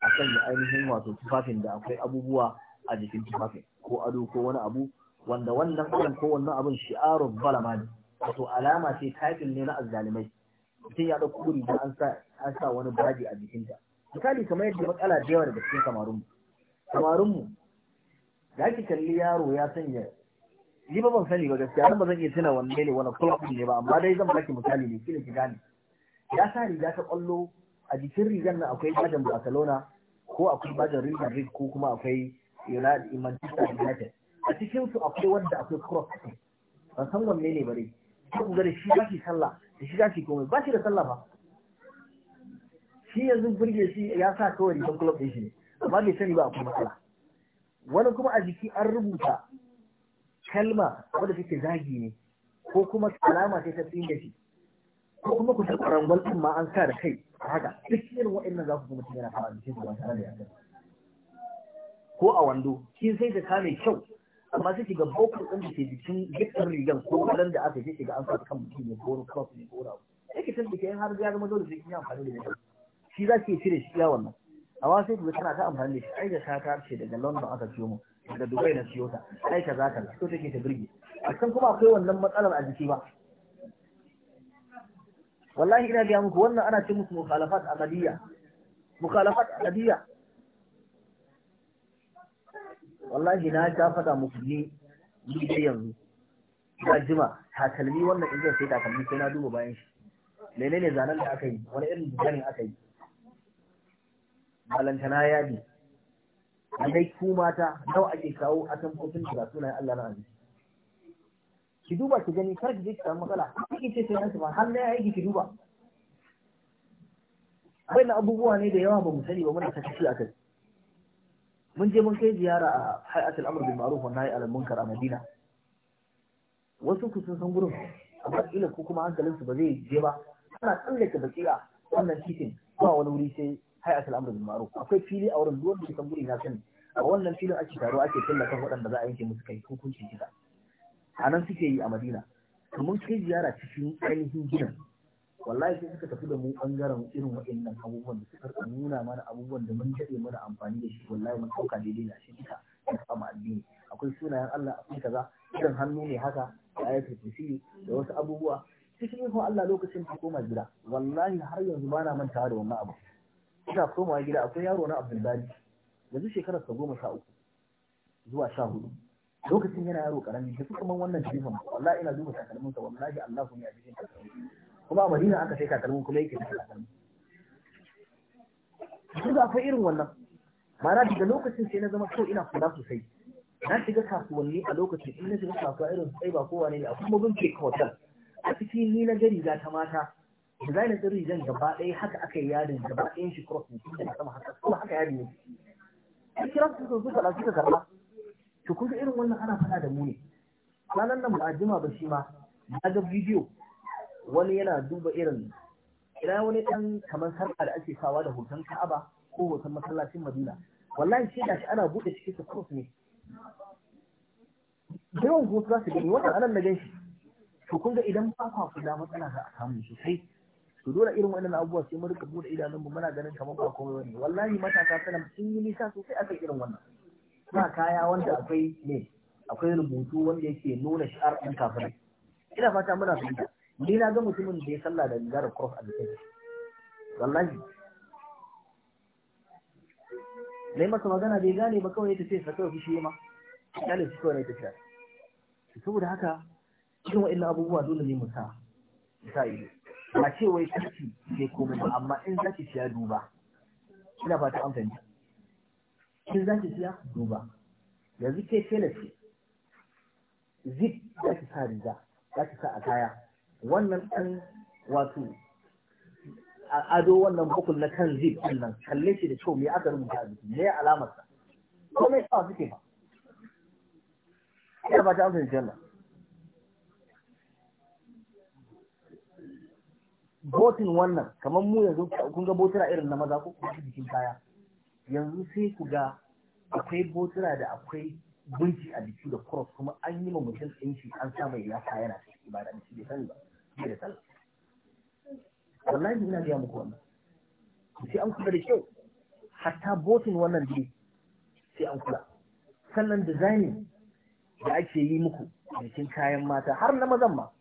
a da ainihin wato tufafin da akwai abubuwa a jikin tufafin ko ado ko wani abu wanda wannan kalan ko wannan abin shi'arun balama ne wato alama ce title ne na azzalimai mutum ya ɗauko kuri da an sa an sa wani baji a jikinta misali kamar yadda matsala da yawa daga cikin kamarunmu kamarunmu da ki kalli yaro ya sanya ni ba ban sani ba gaskiya ba zan iya tuna wanne ne wani club ne ba amma dai zan baki misali ne kila ki gane ya sa riga ta kwallo a jikin rigar nan akwai bajan Barcelona ko akwai bajin Real Madrid ko kuma akwai United Manchester United a cikin su akwai wanda akwai cross ba san wanne ne bare ko ku shi da shi sallah da shi shi komai ba shi da sallah ba shi yanzu burge shi ya sa kawai rigar club din shi ne amma bai sani ba akwai matsala wani kuma a jiki an rubuta kalma wadda take zagi ne ko kuma alama ta tafi da shi ko kuma ku shi rangwal din ma an sa da kai a haka duk irin wa'annan za ku kuma cikin yana fara jikin su ba tare da ko a wando shi sai da kame kyau amma sai ga bokar din da ke jikin dukkan rigan ko kalan da aka ji shiga an sa kan mutum ne ko wani ne ko rawa yake tun da ke har ya zama dole sai kin amfani da shi shi za ki cire shi ya wannan amma sai kuma tana ta amfani da shi ai da ta ce daga London aka ciyo mu daga Dubai na ciyo ta ai ka kaza to take ta birge a kan kuma akwai wannan matsalar a jiki ba wallahi ina ga muku wannan ana ce musu mukhalafat amaliyya mukhalafat amaliyya wallahi na ta fada muku ni ni dai yanzu ya jima takalmi wannan in zan sai takalmi sai na duba bayan shi menene zanen da aka yi wani irin zanen aka yi balantana yadi a dai ku mata nawa ake kawo a tamfofin da sunayen Allah na aziz ki duba ki gani kar ki je ki samu matsala ki ce sai ba har na aiki ki duba akwai abubuwa ne da yawa ba mu sani ba muna sakaci a kai mun je mun kai ziyara a hay'atul amr bil ma'ruf wa nahy anil munkar a Madina wasu ku sun san gurin amma ila ko kuma hankalin su ba zai je ba ana tsallake bakiya wannan titin ba wani wuri sai hay'atul amr bil ma'ruf akwai fili a wurin duk wanda san guri na sani a wannan filin ake taro ake tallafa waɗanda za a yanke musu kai hukuncin kisa a nan suke yi a madina to mun kai ziyara cikin ainihin gidan wallahi sai suka tafi da mu bangaren irin waɗannan abubuwan da suka nuna mana abubuwan da mun daɗe mana amfani da shi wallahi mun ɗauka daidai na shi duka da kama addini akwai sunayen Allah a akwai kaza irin hannu ne haka da ayatul kursi da wasu abubuwa cikin ikon Allah lokacin ta koma gida wallahi har yanzu bana mantawa da wannan abu ina komawa gida akwai yaro na Abdul Bari yanzu shekarar sa goma sha uku zuwa sha hudu lokacin yana yaro karami da suka kaman wannan jihar wallahi ina duba takalmin sa wallahi Allahu ne a cikin takalmin kuma a Madina aka sai takalmin kuma yake da takalmin su da akwai irin wannan ma'ana daga lokacin sai na zama so ina kula sosai na shiga kasuwanni a lokacin in na shiga kasuwa irin sai ba kowa ne a kuma bin ke hotel a cikin ni na gari ga ta mata designer ɗin rigan gaba ɗaya haka aka yi yarin gaba ɗayan shi cross ne tun daga sama haka kuma haka yarin ne. An kira su su faɗa suka karɓa to kun ga irin wannan ana faɗa da mu ne ranar nan ba jima ba shi ma na ga bidiyo wani yana duba irin ina wani ɗan kamar sarƙa da ake sawa da hoton ka'aba ko hoton masallacin madina wallahi shi da shi ana buɗe cikin sa cross ne yawan hoto za su gani wannan anan na gan shi to kun ga idan ba kwa kula matsala za a samu sosai to dole irin wannan abubuwa sai mu rika bude idanun mu muna ganin kamar ba komai bane wallahi matasa sanan sun yi nisa sosai akan irin wannan sa kaya wanda akwai ne akwai rubutu wanda yake nuna shi'ar ɗin kafirai ina fata muna fahimta ni na ga mutumin da ya sallah da gara cross a jikin wallahi dai masa magana bai gane ba kawai ya tafi sa kawai fushi ma Ya ne su kawai ya tafi saboda haka cikin wa'in abubuwa dole ne mu sa sa ido ba ce wai sarki ne komai ba amma in zaki ya duba ina fata an fahimta kin za ki siya duba yanzu ke tela ce zip za ki sa riga za ki sa a kaya wannan ɗan wato a ado wannan bukul na kan zip ɗin nan kalle shi da kyau me aka rubuta a jiki me alamar sa komai sa suke ba ina ba ta amsa janna botin wannan kamar mu yanzu kun ga botuna irin na maza ko kuma jikin kaya yanzu sai ku ga akwai botura da akwai gunki a jiki da cross kuma an yi ma mutum ɗinki an sa mai yasa yana cikin Ba da shi bai sani ba bai da sallah wallahi ina ga muku wannan sai an kula da kyau hatta botin wannan dai sai an kula sannan designing da ake yi muku jikin kayan mata har na mazan ma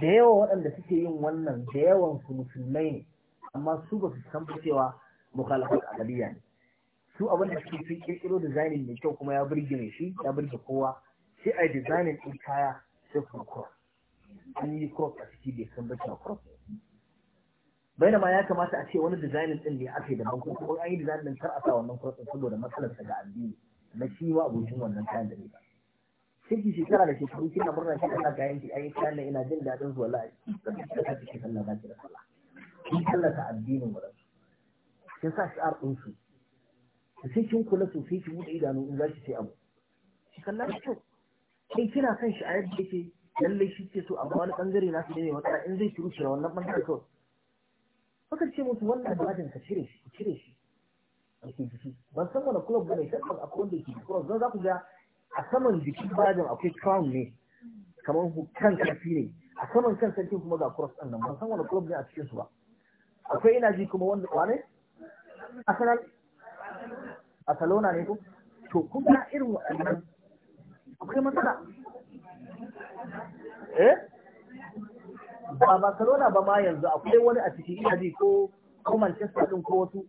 da yawa waɗanda suke yin wannan da yawan su musulmai ne amma su ba su san cewa mukhalafat adabiyya ne su abin da suke sun kirkiro designing mai kyau kuma ya burge mai shi ya burge kowa sai a designing ɗin kaya sai kuma crop an yi crop a ciki da san bakin crop bayan ma ya kamata a ce wani designing ɗin ne aka yi da banko ko an yi designing din kar a sa wannan crop saboda matsalar ga addini na shi abokin wannan kayan da ne ba sai ki shekara da shekaru kina murna shi da kayan yanki ayi kayan ina jin daɗin zuwa la'a da kake sallah ba ki da sallah Ki kallata addinin wurin kin sa shi ɗin su sai kin kula sosai ki buɗe idanu in za ki ce abu shi kalla shi kyau kai kina kan shi a yadda yake lallai shi ce so amma wani bangare na su ne matsala in zai turu shira wannan bangare kawai fakar ce musu wannan bajin ka cire shi cire shi a cikin jiki ban san wani club bane kan akwai wanda ke club zan za ku ga a saman jikin bajin akwai crown ne kamar kan karfi ne a saman kan sarki kuma ga cross ɗin nan ban san wani club ne a cikin su ba akwai ina ji kuma wanda wane A Salona ne ko to kuma irin waɗannan akwai matsala eh ba Barcelona ba ma yanzu akwai wani a cikin Italy ko ko Manchester din ko wasu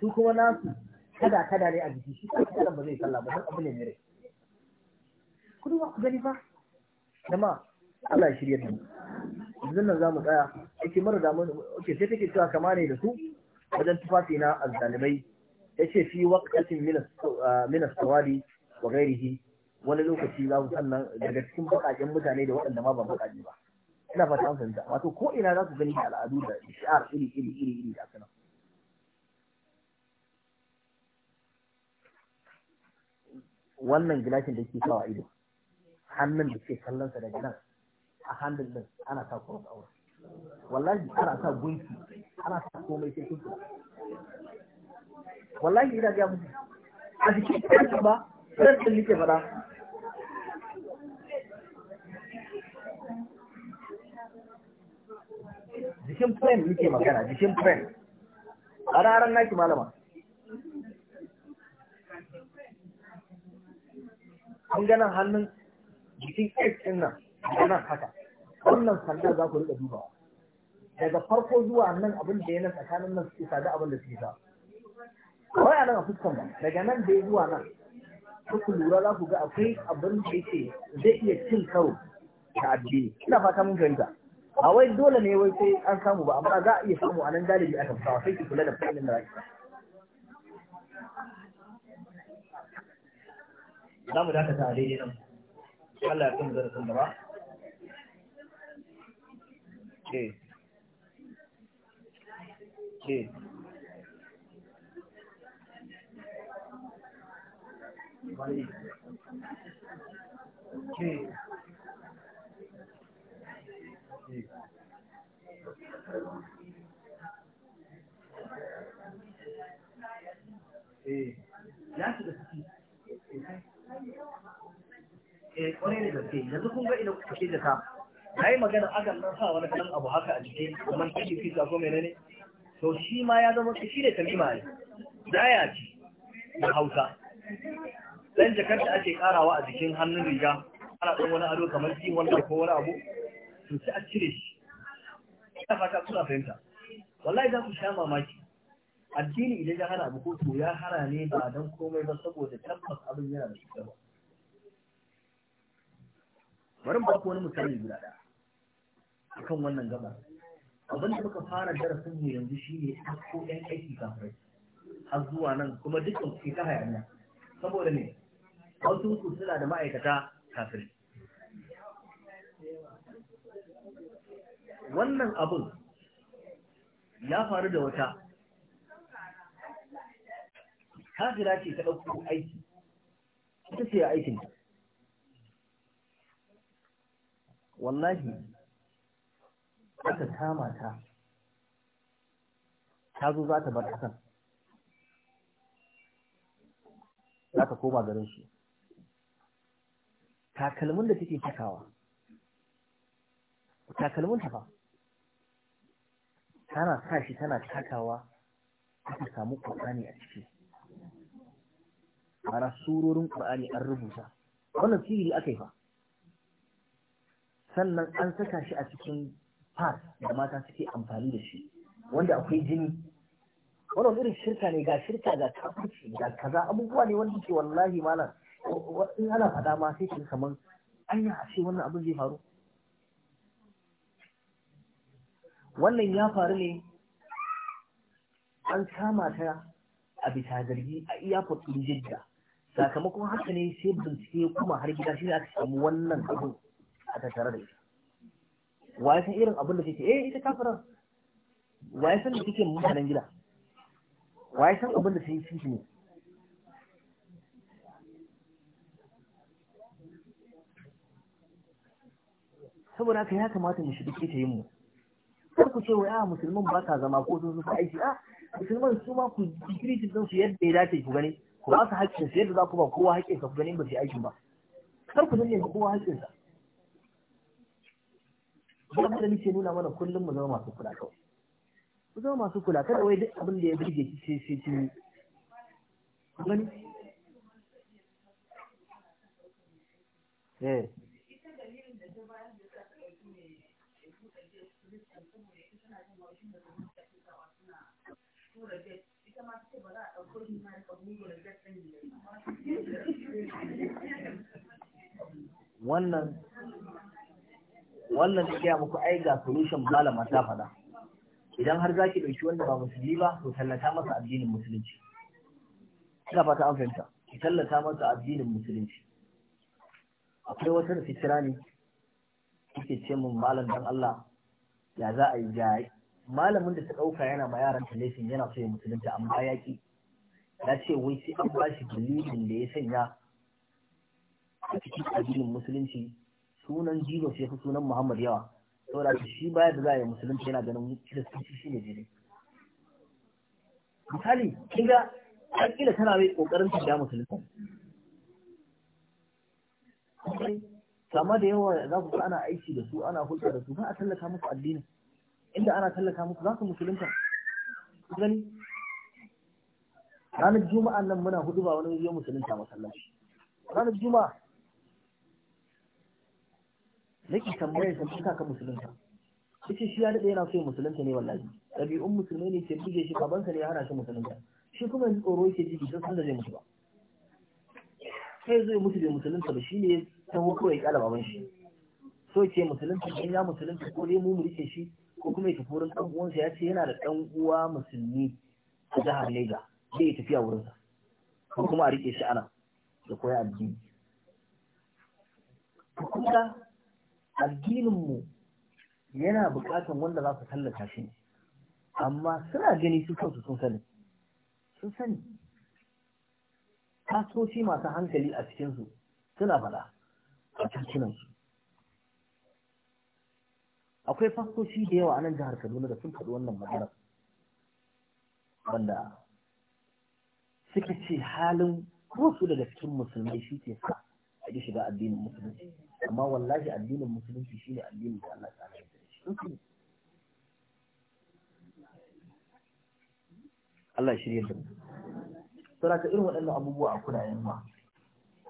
su kuma nasu kada kada ne a jiki shi kuma ba zai sallah ba dan abu ne mere kudu ba ku gani fa jama'a Allah ya shirye ta yanzu nan za mu tsaya ake mara damu Ok sai take cewa kama ne da su wajen tufafi na ya ce fi waqtin min as wa gairihi wani lokaci za su sannan daga cikin bakaƙen mutane da waɗanda ma ban bakaƙe ba ina fata an fahimta wato ko ina za ku gani al'adu da shi'ar iri iri iri iri da sanan wannan gilashin da ke sawa ido hannun da ke kallonsa daga nan a hannun nan ana sa kuma aure wallahi ana sa gunki ana sa komai sai kun wallahi ina ga muku a cikin kanka ba sai kun nike fada jikin friend ke magana jikin friend a ranar naki malama an ganin hannun jikin x din nan nan haka wannan sanda za ku riƙa dubawa daga farko zuwa nan abin da ya nan tsakanin nan suke sadu abin da suke sa kawai a nan a fuskan ba daga nan da ya zuwa nan ku lura za ku ga akwai abin da yake zai iya cin karo ta addini ina fata mun fahimta a wai dole ne wai sai an samu ba amma za a iya samu a nan galibi a fusawa sai ki kula da fa'ilin da rakisa. za mu dakata a daidai nan Allah ya kuma zarafin gaba. Eh. ya shiga ciki eh kwarai ne gaske yanzu kun ga ina kuke da ka na yi magana akan nan sa wani kalan abu haka a jikin kamar kishi fita ko menene to shi ma ya zama shi ne kalima ne daya ce da hausa dan jakar da ake karawa a jikin hannun riga ana ɗan wani ado kamar ji wanda ko wani abu to sai a cire shi ina fata suna fahimta wallahi za ku sha mamaki addini idan ya hana abu ko to ya hana ne ba don komai ba saboda tabbas abin yana da cuta ba bari ba ku wani misali guda ɗaya akan wannan gaba abinda muka fara darasin mu yanzu ne hakko ɗan aiki kafirai har zuwa nan kuma dukkan su ta hayaniya saboda ne wasu su suna da ma'aikata kafirai wannan abin ya faru da wata kafira ce ta ɗauko aiki ita ce aikinta wallahi aka kama ta ta zo za ta bar ƙasan za ta koma garin shi. takalmin da take takawa takalmin ta fa tana sa shi tana takawa aka samu ƙwaƙani a ciki ana surorin ƙur'ani an rubuta wannan sihiri aka yi fa sannan an saka shi a cikin pad da mata suke amfani da shi wanda akwai jini wannan irin shirka ne ga shirka ga kafirci ga kaza abubuwa ne wanda ke wallahi malam in ana fada ma sai kin kaman anya a ce wannan abin zai faru wannan ya faru ne an kama ta a bisa zargi a iyakar ɗin jidda sakamakon haka ne sai bincike kuma har gida shi ne aka samu wannan abin a tattare da ita wa san irin abin da take eh ita kafirar wa san da kike mutanen gida wa san abin da sai shi ne saboda haka ya kamata mu shirike ta yin mu kar ku ce wa ya ah, musulman ba ta zama ko sun suka aiki a ah, musulman su ma ku digiri din su yadda ya dace ku gani ku ba su haƙƙin su yadda za ku ba kowa haƙƙin sa ku gani ba su aikin ba kar ku zanne kowa haƙƙin sa duk abin da nake nuna mana kullum mu zama masu kula kawai ku zama masu kula wai duk abin da ya birge ki sai sai kin gani eh wannan wannan da gaya muku ai ga solution malama ta faɗa idan har zaki ɗauki wanda ba musulmi ba to tallata masa addinin musulunci ina fata an fahimta ki tallata masa addinin musulunci akwai wata da fitira ne kike ce mun malam dan Allah ya za a yi jayi malamin da ta ɗauka yana ma yaran ta laifin yana so ya musulunta amma ya ki ya ce wai sai an ba shi dalilin da ya sanya a cikin addinin musulunci sunan jesus ya fi sunan muhammad yawa saboda shi baya da za a yi musulunci yana ganin kiristanci shi ne jini misali kin ga kila tana mai kokarin ta da musulunci sama da yawa za ku ana aiki da su ana hulɗa da su ba a tallata musu addini inda ana tallata musu za su musulunta gani ranar juma'a nan muna hudu ba wani yau musulunta masallaci ranar juma'a nake tambayar sa kika ka musulunta yace shi ya dade yana so musulunta ne wallahi dabi'un musulmai ne ke buge shi babansa ne yana hana musulunta shi kuma yanzu tsoro yake ji sai san da zai mutu ba sai zai mutu bai musulunta ba shi ne ta hukuma ya kala baban shi so ce musulunta in ya musulunta ko dai mu mu rike shi ko kuma ya tafi wurin ɗan uwansa ya ce yana da ɗan uwa musulmi a jihar Niger zai yi tafiya wurinsa ko kuma a rike shi ana da koya addini. Kuma addininmu yana buƙatar wanda za su tallata shi amma suna gani su kansu sun sani sun sani fasoci masu hankali a cikinsu suna faɗa a cikinansu akwai fasoci da yawa a nan jihar kaduna da sun faɗi wannan magana wanda suka ce halin su daga cikin musulmai shi ke sa a shiga addinin musulunci amma wallahi addinin musulunci shi ne addinin da Allah ta haifa shi Allah shirye da mu saboda irin waɗannan abubuwa a kudayen ma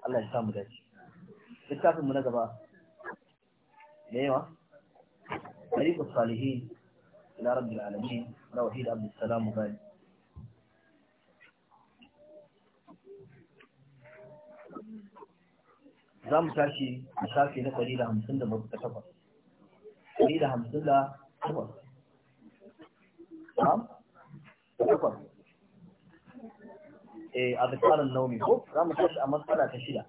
Allah ya samu dace littafin mu na gaba da yawa طريق الصالحين إلى رب العالمين توحيد عبد السلام غالي za mu tashi a safi na ɗari da hamsin da bakwai takwas ɗari da hamsin da takwas takwas eh a tsarin naumi ko za mu tashi a matsala ta shida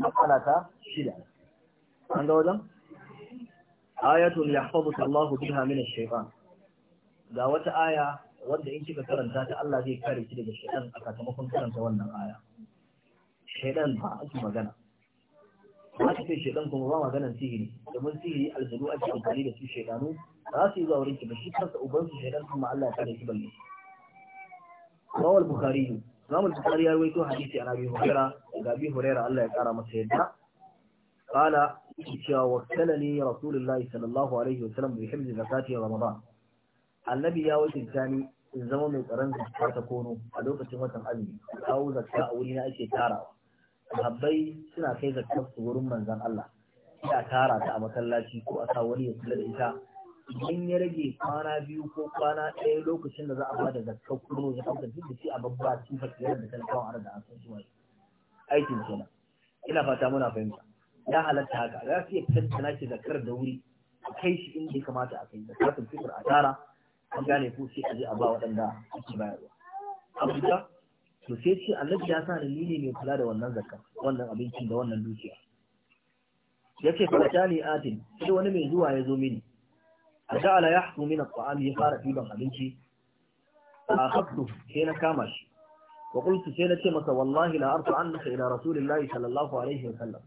matsala ta shida an ga wajen ayatun yahfazuka Allahu biha min ash-shaytan ga wata aya wanda in kika karanta ta Allah zai kare ki daga shaytan a sakamakon karanta wannan aya shaidan ba ake magana aka ce shaidan kuma ba maganar sihiri domin sihiri aljanu ake amfani da su shaidanu ba su yi zuwa wurin ki ba shi kansa uban su shaidan kuma Allah ya kare shi balle rawal bukhari imam bukhari ya rawaito hadisi an abi hurairah daga abi hurairah Allah ya kara masa yadda qala cewa wakkalani rasulullahi sallallahu alaihi wasallam bi hifzi zakati ramadan annabi ya wakilta ni in zama mai tsaron zakata kono a lokacin watan azumi kawo zakka a wuri na ake tarawa sahabbai suna kai zakar su wurin manzan Allah ya tara ta a masallaci ko a sa wani ya kula da ita idan ya rage kwana biyu ko kwana ɗaya lokacin da za a ba da zakar kuma ya kanta duk da shi a babba cikin fakirar da talakawa kawo da an san shi aikin kenan ina fata muna fahimta ya halatta haka za su iya fitar da nake zakar da wuri a kai shi inda ya kamata a kai da kafin fitar a tara an gane ko sai a je a ba waɗanda ake bayarwa abuja to sai ce Allah ya sa ni ne mai kula da wannan zakka wannan abincin da wannan dukiya yace fatani atin sai wani mai zuwa ya zo mini ajala yahku min at ya fara ɗiban abinci a haɗu sai na kama shi wa qultu sai na ce masa wallahi la arfa annaka ila rasulillahi sallallahu alaihi wa sallam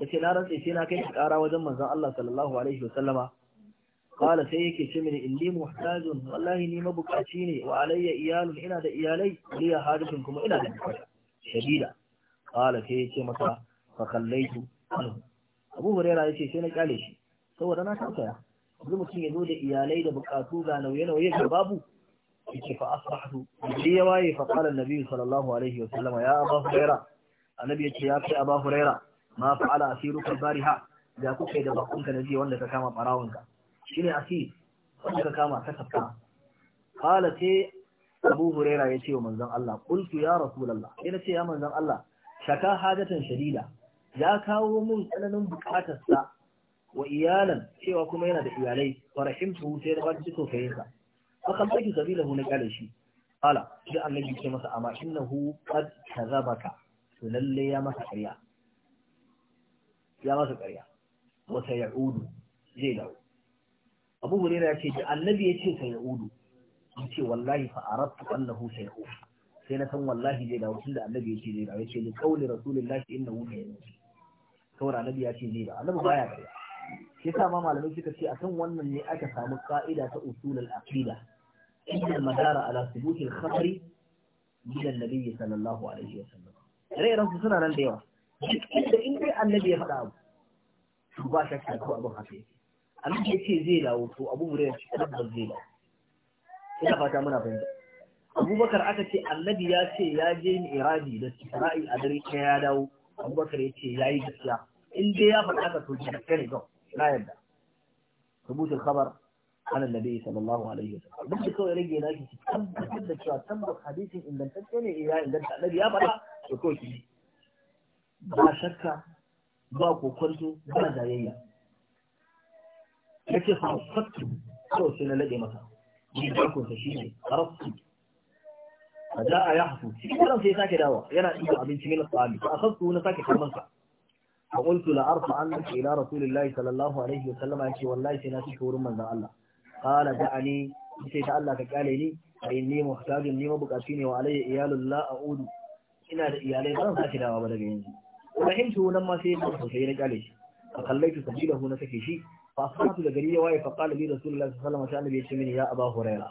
yace na rantsa sai na kai ƙara wajen manzon Allah sallallahu alaihi wa sallama قال سي يكي سمني اللي محتاج والله ني ما بكاشي ني وعلي ايال انا ده ايالي لي حاجه كما انا ده شديده قال سي يكي مسا فخليت ابو هريره يكي سي ني قالي شي سو انا تاكايا duk mutum ya zo da iyalai da bukatu ga nauye-nauye ga babu yake fa asbahu shi ya waye fa qala an ya abu hurayra yace ya kai abu hurayra ma fa'ala asiruka bariha da kuke da bakunka na ji wanda ka kama barawon ka shi ne Asif? wanda ka kama ka kafka? kala ce abu huraira ya ce wa manzon Allah kultu ya rasulallah sai ce ya manzon Allah shaka hajatan shadida ya kawo mun tsananin bukatarsa wa iyalan cewa kuma yana da iyalai wa rahimtu sai da ba ta ciko kayansa fa kan saki sabilahu na kale shi ala da annabi ce masa amma innahu qad kazabaka to lalle ya masa ƙarya ya masa ƙarya wa sayaudu zai dawo abu hurera ya ce da annabi ya ce sai ya udu ya ce wallahi fa arabtu annahu sai ya udu sai na san wallahi zai dawo tunda annabi ya ce zai dawo ya ce ni qawli rasulillahi innahu sai ya udu saboda annabi ya ce zai dawo annabi baya karya shi yasa ma malamai suka ce akan wannan ne aka samu ka'ida ta usulul aqida inna madara ala thubutil khabari min annabi sallallahu alaihi wasallam ire-iren su suna nan da yawa duk inda in dai annabi ya faɗa abu ba shakka ko abin haka yake abin da yace zai dawo to Abu Hurairah shi tabbas zai dawo ina fata muna fahimta Abubakar aka ce Annabi ya ce ya je ni iradi da Isra'i a dare ta ya dawo Abubakar ya ce ya yi gaskiya in dai ya faɗa ka to gaskiya ne kawai na yarda rubutul khabar على النبي صلى الله عليه وسلم duk da kawai rage naki ki tabbatar da cewa tabbatar hadisin ingantacce ne eh, ya inganta annabi ya faɗa to ko ki ba shakka ba kokonto ba jayayya ya ce sa fattu kawai sai na laɗe masa ni barkunsa shi ne karasu a za a ya hafu cikin karan sai sake dawa yana ɗiba abinci mina tsami a sassu na sake kalmansa a ƙuntu la arfa an nake ila rasulillahi sallallahu alaihi wa sallama ya ce wallahi sai na suka wurin manzan Allah kala da ani sai ta Allah ka kyale ni a inni muhtajin ni mabukaci ne wa alayya iyalun la a'udu ina da iyalai ba zan sake dawa ba daga yanzu fahimtu nan ma sai ya sosai na kyale shi a kallaitu sabilahu na sake shi fa asbahtu da gari ya waye fa qala li rasulullahi sallallahu alaihi wasallam ya ce ya aba huraira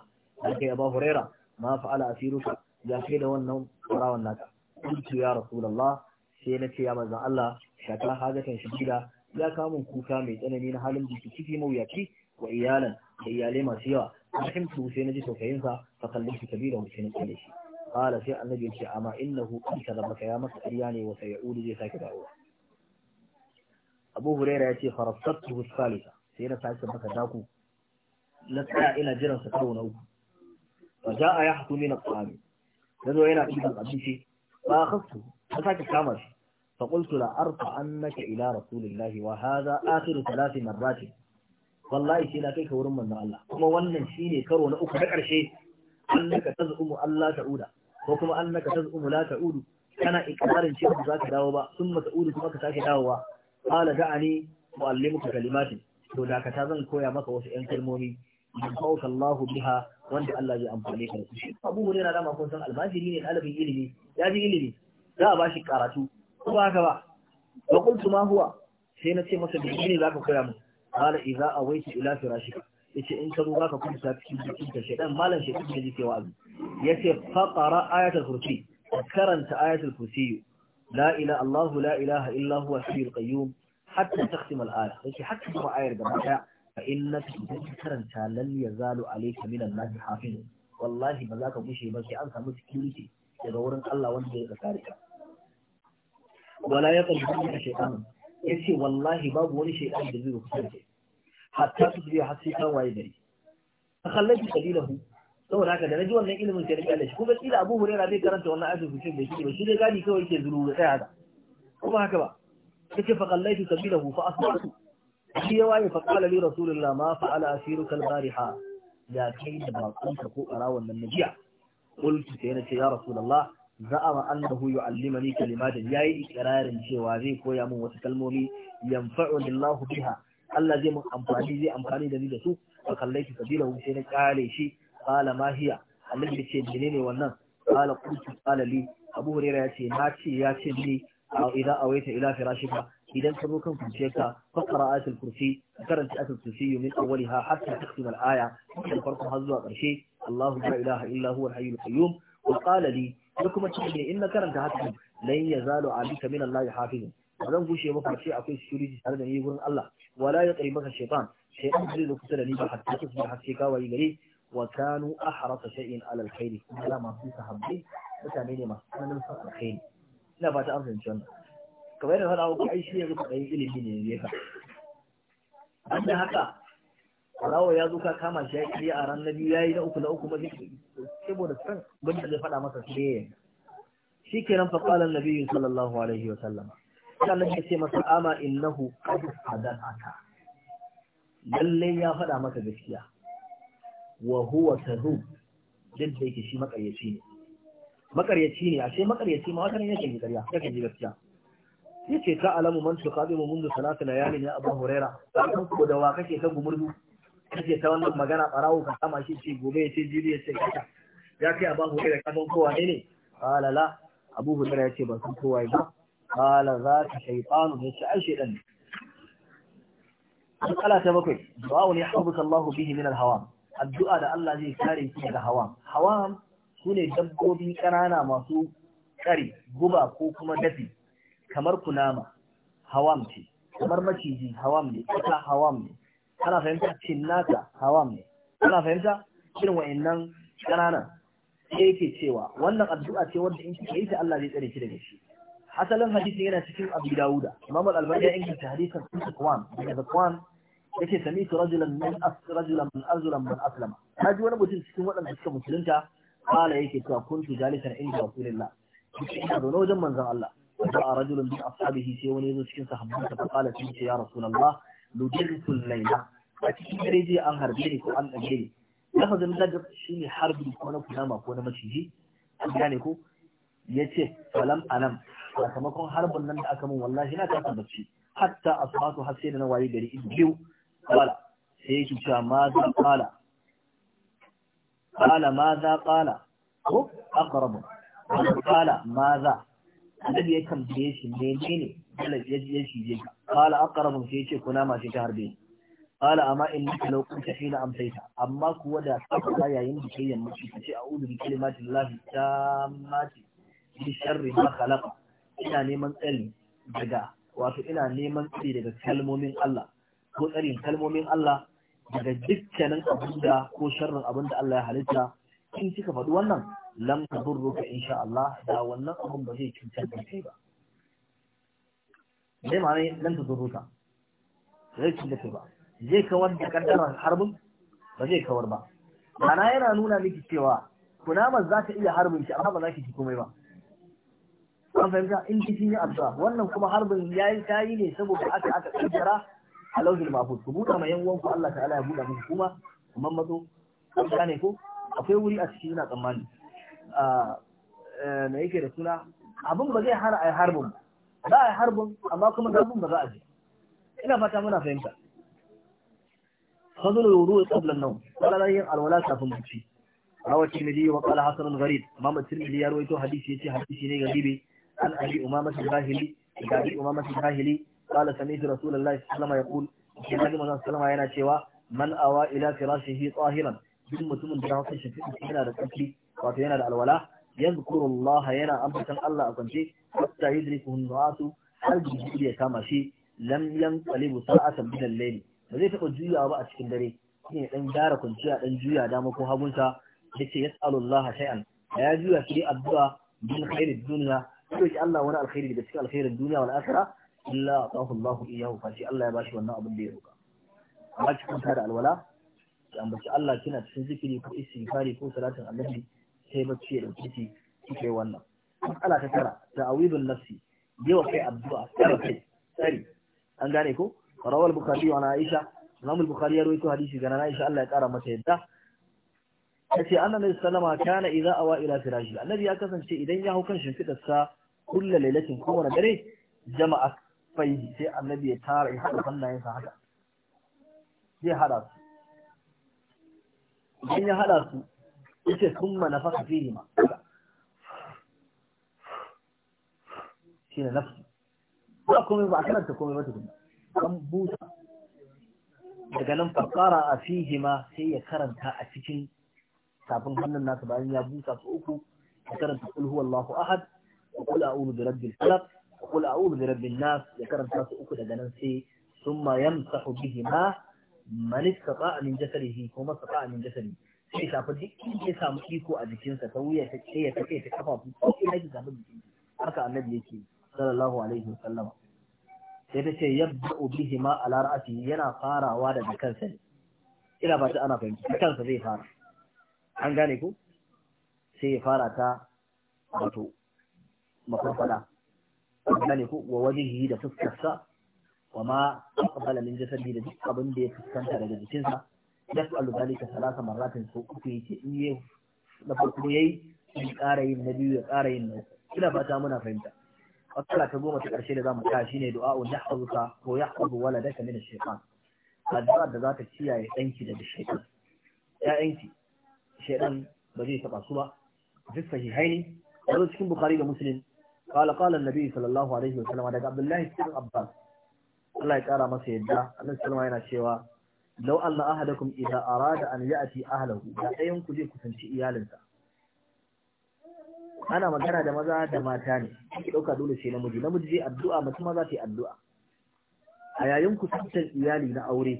kai aba huraira ma fa'ala asiruka ya kai da wannan farawan naka kuntu ya rasulullah sai na ce ya manzon Allah shaka hajatan gida ya kamun kuka mai tsanani na halin jiki ciki mawuyaci wa iyalan da iyalai masu yawa fahimtu sai na ji sa fa kallin shi kabira mu sai na kalle shi qala sai annabi ya ce amma innahu qad kadabaka ya masa ƙarya ne wa sayaudu zai sake dawowa abu huraira ya ce farasattu husalisa sai na sake masa daku na tsaya ina jiran sa karo na uku fa ja'a ya hukumi na qami yana ɗiban abinci a kasu. na sake kama shi fa qultu la arfa annaka ila rasulillahi wa hadha akhiru thalath marrat wallahi sai na kai ka wurin manzon Allah kuma wannan shine karo na uku na karshe annaka tazumu Allah ta'uda ko kuma annaka tazumu la ta'udu kana ikrarin cewa ba za ka dawo ba sun mata'udu kuma ka sake dawowa qala da'ani uallimuka kalimatin to dakata zan koya maka wasu yan kalmomi yanfa'uka Allah biha wanda Allah ya amfane ka da shi Abu Hurairah da ma kun san albashiri ne dalibin ilimi ya ji ilimi za a bashi karatu ko ba haka ba wa qultu ma huwa sai na ce masa da ne zaka koya mu qala idza awaita ila firashika yace in ka zo zaka kwanta cikin jikin ka shedan malam shedan ne yake wa'azi yace faqara ayatul kursi karanta ayatul kursi la ila Allahu la ilaha illa huwa al-hayyul qayyum hatta takhtim al yake hatta kuma ayar gaba daya fa innaka idan karanta lan yazalu alayka min Allah hafiz wallahi ba za ka ba sai an samu security daga wurin Allah wanda ya kare ka wala ya qalbu shaytan yace wallahi babu wani shaytan da zai kusance hatta tusbiha hasita wa yadri saboda haka da naji wannan ilimin sai rika da shi kuma kila Abu Hurairah bai karanta wannan ayatul kursi da shi ba shi dai gadi kawai yake zuru da tsaya da kuma haka ba kace fa qallaitu sabilahu fa asbatu shi ya waye fa qala li rasulillah ma fa'ala asiruka al-bariha Ya kai da bakunka ko arawan nan najiya qultu sai na ce ya rasulullah za'ama annahu yu'allimani kalimatin yayi ikrarin cewa zai koya min wasu kalmomi yanfa'u Allahu biha Allah zai mun amfani zai amfani da ni da su fa qallaitu sabilahu sai na kare shi qala ma hiya annabi ce menene wannan qala qultu qala li abu hurairah ya ce na ce ya ce ni idan awaita ila firashika idan ka zo kan kunciyarka faqra ayatul kursi karanta ayatul kursi min awwaliha hatta takhtim al-aya da farkon har zuwa karshe Allahu la ilaha illa huwa al-hayyul qayyum wa qala li da kuma cikin ne in na karanta haka lan yazalu alika min Allah hafiz zan gushe maka ce akwai security tare da ni gurin Allah wala ya qribaka shaytan shaytan zai kusa da ni ba hatta tasbih har sai ka wayi gare wa kanu ahrasa shay'in ala alkhairi ala masu sahabbai mutane ne masu tsananin son alkhairi ina fata an fahimci wannan kamar yadda faɗa muku ai shi yanzu kwaɗayin ilimi ne ne ka an da haka rawa ya zo ka kama shi ya a ranar na biyu ya yi na uku na uku mafi saboda san gwamnati zai faɗa masa su ne shi kenan faƙalan nabiyu sallallahu alaihi wa sallama sannan ya ce masa innahu qad ya faɗa maka gaskiya wa huwa kadhub duk da yake shi makaryaci ne makaryaci ne ashe makaryaci ma wata ne yake yi ƙarya yake yi gaskiya yace ta alamu man tuqadimu mundu salatu layalin ya abu huraira kan ku da wa kake ka gumurdu kake ta wannan magana barawo ka kama shi ce gobe yace jili yace kaka ya kai abu huraira ka san kowa ne ne qala la abu huraira yace ban san kowa ba qala za ka shaytanu yace ai shaytan ne ta bakwai wani ya yahbuka Allah bihi min al-hawa addu'a da Allah zai kare shi daga hawa hawa sune dabbobi ƙanana masu kare guba ko kuma dafi kamar kunama hawam ce kamar maciji hawam ne ita hawam ne kana fahimta cinnaka hawam ne kana fahimta irin wa'innan ƙananan sai yake cewa wannan addu'a ce wanda in kika yi ta Allah zai tsare ki daga shi asalin hadisi yana cikin Abu Dawuda Imam Al-Albani ya inganta hadisin Sufyan daga Sufyan yake samitu rajulan man asra rajulan man azla man aslama haji wani mutum cikin wadanda suka musulunta kala yake cewa kuntu jalisan inda rasulullah kuke ina zaune wajen manzon Allah wa rajulun bi ashabihi sai wani zo cikin sahabban sa kala sai ya rasulullah ludirtu al-layla a cikin dare je an harbe ni ko an dage ni ya fa zan daga shine harbi ko na kunama ko na maciji an gane ko yace falam anam sakamakon harbin nan da aka mun wallahi na ta tabbaci hatta asbatu hasina na wayi gari idbiu kala sai yake cewa maza kala kala maza kala ko akwarabu wanda kala maza da ya kamfe shi ne ne ne kala ya shi je ka kala akwarabu sai yake kuna masu ta harbe kala amma in nika lokuta shi na amsaita amma kuwa da tsakuta yayin da ke yamma shi kace a udu rikili matin lafi ta mati bi sharri ma ina neman tsali wato ina neman tsali daga kalmomin Allah ko tsare kalmomin Allah daga dukkanin abin da ko sharrin abin da Allah ya halitta in kika faɗi wannan lam tadurruka insha Allah da wannan abin ba zai cutar da kai ba dai ma ne lam tadurruka zai cutar da kai ba zai kawar da kaddarar harbin ba zai kawar ba ana yana nuna miki cewa kunamar za ta iya harbin ki amma ba za ki ci komai ba an fahimta in kifin yi addu'a wannan kuma harbin ya yi tayi ne saboda aka aka kaddara alauhil mahfuz ku buɗa ma yan uwanku Allah ta'ala ya buɗa musu kuma kuma mazo kan ne ko akwai wuri a cikin yana tsammani a na eh, yake da suna abin ba zai hana ai harbin ba ai harbin amma kuma zabin ba za a je ina fata muna fahimta fadlu wudu qabla an-nawm wala na yin alwala kafin bacci rawa tirmidhi wa qala hasan al-gharib imam tirmidhi ya rawaito hadisi yace hadisi ne ga be an abi umama al-bahili da قال سمعت رسول الله صلى الله عليه وسلم يقول shi ne manzon sallama yana cewa man awa ila firashihi tahiran duk mutumin da ya kashe shi yana da tsarki wato yana da alwala yadhkuru Allah yana ambatan Allah a kwance hatta yudrikuhu an-nasu har jibril ya kama shi lam yanqalibu sa'atan min al-layl ba zai taɓa juyawa ba a cikin dare shine dan gyara kwanciya dan juya dama ko hagunsa yace yas'alu Allah shay'an ya juya shi addu'a bin khairid dunya ko Allah wani alkhairi daga cikin alkhairin duniya wal akhirah illa atahu Allah iyahu fa shi Allah ya bashi wannan abin da ya roka amma cikin ta da alwala ki ambaci Allah kina cikin zikiri ko istighfari ko salatin annabi sai bacci ya dauke ki kike wannan mas'ala ta tara ta'awidun nafsi yawa kai addu'a tsara kai tsari an gane ko rawal bukhari wa aisha imam al-bukhari ya rawaito hadisi ga aisha Allah ya kara mata yadda yace annabi sallama kana idza awa ila firashi annabi ya kasance idan ya hau kan sa kullu lailatin kowane dare jama'a fai sai annabi ya tara ya haɗa hannayensa haka zai haɗa su idan ya haɗa su yace sun manafasa fihi ma shi ne nafsu ba komai ba a karanta komai ba tukuna an buta daga nan fakara a fihi ma sai ya karanta a cikin tafin hannun nasa bayan ya buta su uku ya karanta kulhu wallahu ahad wa kula a'udhu bi rabbil falaq ya kula a'udhu bi rabbin nas ya karanta su uku daga nan sai summa bihi ma man istata'a min jasadihi ko mastata'a min jasari. sai shafa duk inda ya samu iko a jikinsa ta wuya ta ce ya take ta kafafu ko ina ji samu jikin haka annabi yake sallallahu alaihi wa sallam sai ta ce yabda'u bihima ala ra'sihi yana farawa daga kansa ne ina ba ta ana fahimta kansa zai fara an gane ku sai ya fara ta wato mafarfada gane ko wa wajihi da fuskarsa wa ma aqbala min jasadi da duk abin da ya fuskanta daga jikinsa yas'alu zalika salasa marratin su. uku yace in yi na farko yayi in ƙara yin na biyu ya ƙara yin na ina fata muna fahimta matsala ta goma ta ƙarshe da zamu ta shine du'a'u yahfazuka ko yahfazu waladaka min ash-shaytan addu'a da zata ta kiyaye danki daga shaytan ya'yanki shaytan ba zai taba su ba duk sahihai ne a cikin bukhari da muslim قال قال النبي صلى الله عليه وسلم daga Abdullahi bin Abbas Allah ya kara masa yadda Annabi sallallahu yana cewa law anna ahadakum idza arada an ya'ti ahlihi da ɗayan ku zai kusanci iyalinsa ana magana da maza da mata ne ki dauka dole sai namiji namiji zai addu'a masu maza ta addu'a a yayin kusantar iyali na aure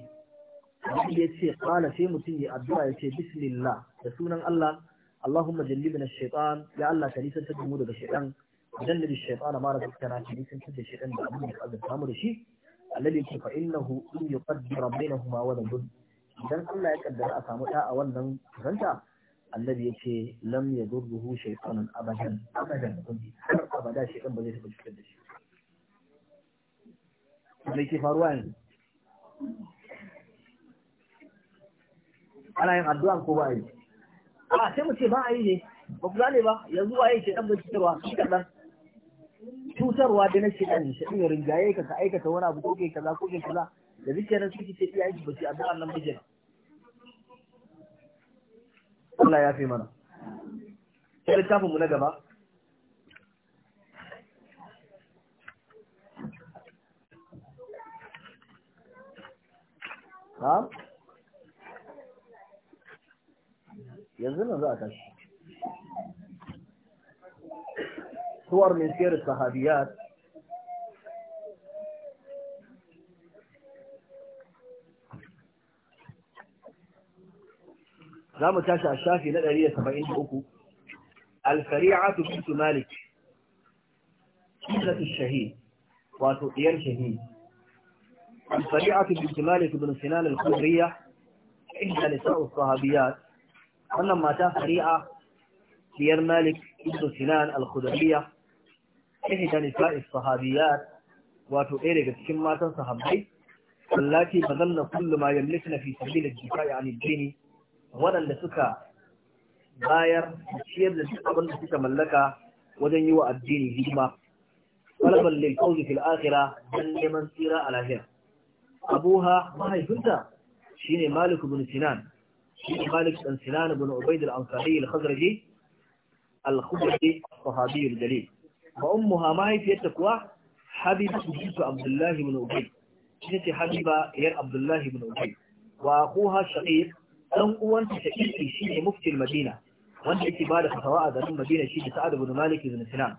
Abin ya ce kala sai mutum ya addu'a ya ce bismillah da sunan Allah Allahumma jallibna shaitan ya Allah ka nisantar da mu daga shaitan idan da shaytan ma rabu kana ci sun tada shi dan da abin da Allah samu da shi alladhi fa innahu in yuqaddiru bainahuma bud idan Allah ya kaddara a samu da a wannan ranta annabi yace lam yadurruhu shaytanun abadan abadan kunji har abada dan ba zai tafi cutar da shi me ke faruwa yanzu ana yin addu'a ko ba yi a ah, sai mu ce ba a yi ne ba ku gane ba yanzu waye ke dan bincikewa shi kaɗan cutarwa da na da shi ya rinjaye ka ka aikata wani abu ko ke kaza ko ke kaza da duk yana suke ce iyayen yi bace addu'an nan bijin Allah ya fi mana sai littafin mu na gaba ha yanzu nan za a tashi صور من سير الصحابيات لا تاشا الشافي لا نقرية سبعين أكو الفريعة بنت مالك سيدة الشهيد وتؤتي شهيد الفريعة بنت مالك بن سنان الخضرية عند نساء الصحابيات أنما تاخ فريعة ديال مالك بن سنان الخضرية ihda nisa'is sahabiyat wato ɗaya daga cikin matan sahabbai allati bazalna kullu ma yamlikna fi sabil ad-difa'i 'an ad-din waɗanda suka bayar ciyar da duk abin da suka mallaka wajen yi wa addini hidima talaban lil fawzi fil akhirah dan neman tsira a lahira abuha mahaifinta shine malik ibn sinan ne malik ibn sinan ibn ubayd al-ansari al-khazraji al-khuzri sahabi al-jalil wa ummuha mahaifiyarta kuwa habiba bintu Abdullahi ibn ubay ita ce habiba yar Abdullahi ibn ubay wa akuha shaqiq dan uwanta shaqiqi shine muftin madina wanda yake bada fatawa a garin madina shi da sa'ad ibn malik ibn sinan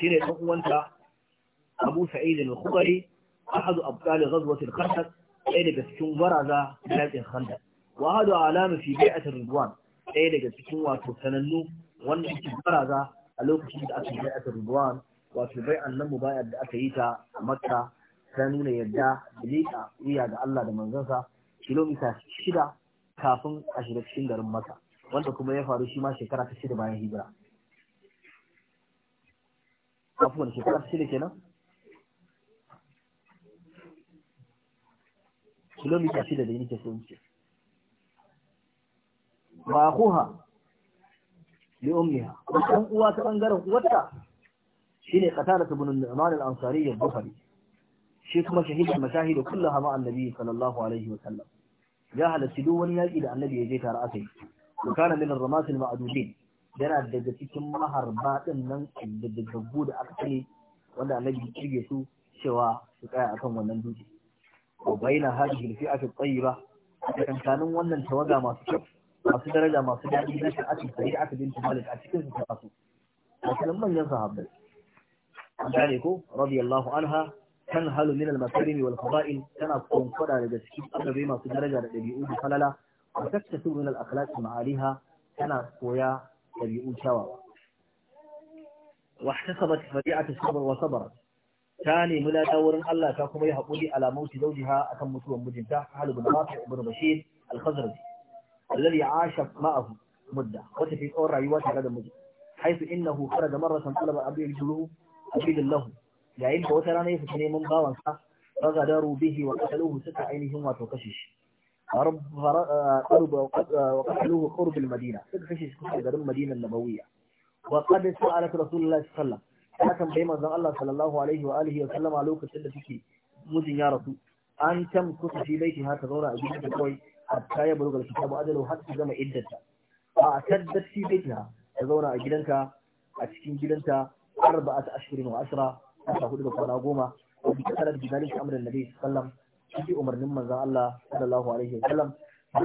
shine dan uwanta abu sa'id al-khudri ahad abdal ghazwat al-khandaq ɗaya daga cikin gwaraza na khandaq wa hadu alama fi bai'at ar-ridwan ɗaya daga cikin wato sanannu wanda yake gwaraza a lokacin da aka bai aka rubuwan wato bai annan mubayar da aka yi ta a makka ta nuna yadda da leƙa wuya ga Allah da manzansa kilomita shida kafin a shiga cikin garin makka wanda kuma ya faru shi ma shekara ta shida bayan hijira afuwan shekara ta shida kenan kilomita shida da yake sun ce ba kuha li ummiha dan uwa ta bangaren uwarta shine qatada ibn al-nu'man al-ansari al-bukhari shi kuma shahidul mashahid kullaha ma annabi sallallahu alaihi wa sallam ya halarci duk wani yaki da annabi ya je tare akai kana min ar-ramas al-ma'dudin yana daga cikin maharba din nan da gaggu aka sani wanda annabi ya kirge su cewa su tsaya akan wannan dutse wa baina hadhihi ake fiati ba. tayyiba tsakanin wannan tawaga masu kyau masu daraja masu daɗi na sha'atu sai aka bin malik a cikin su ta su wasu manyan sahabbai an gane ko radiyallahu anha kan halu min al-makarim wal fada'il tana kunkuda daga cikin ababe masu daraja da dabi'u da falala wa taktasu min al-akhlaq ma'aliha tana koya dabi'u kyawawa واحتسبت فديعة الصبر وصبرت ثاني ملا دور الله كما يحقولي على موت زوجها أكم مسوى مجنتا حال بن رافع بن بشير الخزرجي alladhi asha ma'ahu mudda wata fi tsawon rayuwa tare da miji haisu innahu kharaja marratan talaba abi yajruhu abidin lahu yayin da wata rana ya fita neman bawansa فغدروا به وقتلوه ستة عينهم وتوكشش قرب وقتلوه قرب المدينة تكشش كشش قرب المدينة النبوية وقد سألت رسول الله صلى الله عليه وسلم حكم بما زال الله صلى الله عليه وآله وسلم على لوك سلة فيكي مزن يا رسول أن تم كنت في بيتها تدور أجيبك كوي hatta ya buluga kitabu adalo har ta gama iddata a taddat fi baitiha ta zauna a gidanka a cikin gidanta arba'at ashhurin wa ashra ta hudu da kwana goma wa bi kasarar bidalika amrin nabi sallallahu alaihi umarnin manzon Allah sallallahu alaihi wa sallam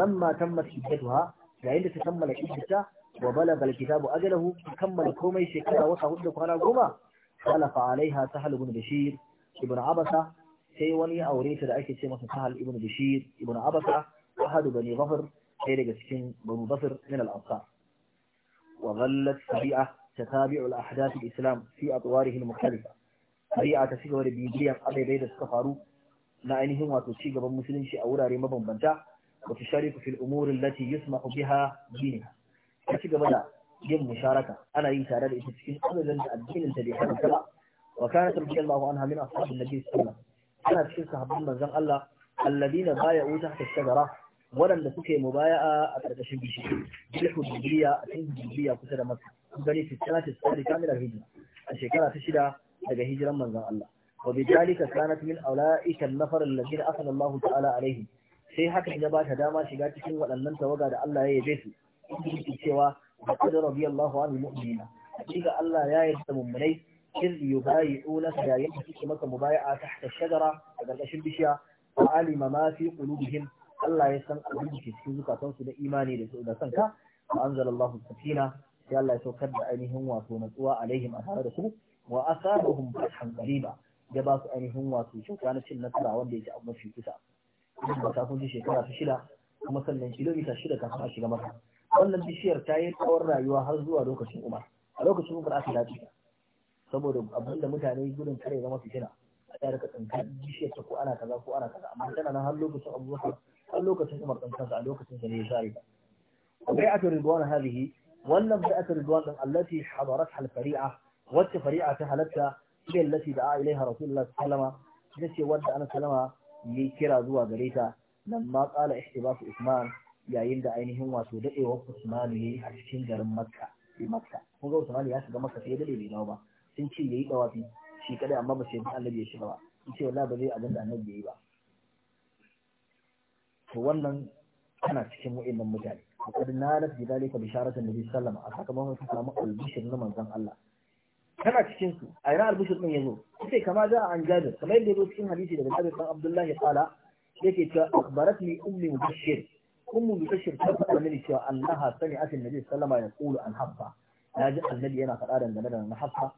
lamma tammat iddatuha yayin yadda ta kammala iddata wa balaga kitabu ajalahu kammala komai shekara wata hudu da kwana goma khalafa alaiha sahal ibn bashir ibn abasa sai wani aure ta da ake ce masa sahal ibn bashir ibn abasa أحد بني ظفر خيرج سكين بن ظفر من الأنصار وظلت سريعة تتابع الأحداث الإسلام في أطواره المختلفة سريعة تسكور بيبليا أبي بيد السفارو نعنهم وتشيق مسلم شيء أولى بن بنتا وتشارك في الأمور التي يسمح بها دينها تسكور بدأ جم مشاركة أنا إن إيه شارك إتسكين إيه أبدا الدين الذي حدث وكانت رضي الله عنها من أصحاب النبي صلى الله عليه وسلم كانت شركة بمزان الله الذين بايعوا تحت الشجرة waɗanda suke yi mubaya'a a ƙarƙashin bishiyar bil dubiya a cikin dubiya kusa da maka gani tana ta tsari kamilar hijira a shekara ta shida daga hijiran manzon Allah wa bidalika kanat min aulaika an-nafar alladhina afana Allah ta'ala alaihi sai haka ya ba ta dama shiga cikin waɗannan tawaga da Allah ya yabe su yake cewa laqad radiyallahu anil mu'minina hakika Allah ya yarda mummunai iz yubayi'unaka yayin da suke maka mubaya'a tahta shajara a ƙarƙashin bishiya wa alima ma fi qulubihim Allah ya san abin da ke cikin su da imani da su da san ka wa anzalallahu sakina sai Allah ya saukar da ainihin wato natsuwa alaihim a tare da su wa asabahum fathan qariba ya ba su ainihin wato cin cin nasara wanda yake abu mafi kusa idan ba ta kun ji shekara ta shida kuma sannan kilomita shida kafin a shiga maka wannan bishiyar ta yi tsawon rayuwa har zuwa lokacin umar a lokacin umar aka dace saboda abin da mutane gudun kare zama fitina a tsaya daga tsinka bishiyar ta ko ana kaza ko ana kaza amma tana nan har lokacin abubakar a lokacin Umar dan kansa a lokacin da ne shari'a bai'atu ridwan hadhihi wannan bai'atu ridwan din allati hadarat al fari'a wacce fari'a ta halatta ita allati da'a ilaiha rasulullah sallama ita ce wanda ana sallama yi kira zuwa gare ta nan ma qala ihtibasu usman yayin da ainihin wato dadewar usman ne a cikin garin makka bi makka kun ga usman ya shiga makka sai dade bai dawo ba sun ce yayi dawafi shi kada amma ba sai annabi ya shiga ba ce wallahi ba zai abin annabi yayi ba to wannan tana cikin wa'annan mutane وقد نالت بذلك بشارة النبي صلى الله عليه وسلم أتاكم ta samu البشر na manzon Allah kana cikin su a yana albushir din yazo sai kama za an jabir kamar yadda yazo cikin hadisi daga Jabir dan Abdullahi qala yake cewa akhbaratni ummi mubashir ummu mubashir ta faɗa mini cewa Allah sami'at annabi sallama ya qulu an habba naji annabi yana faɗa dangane da na habba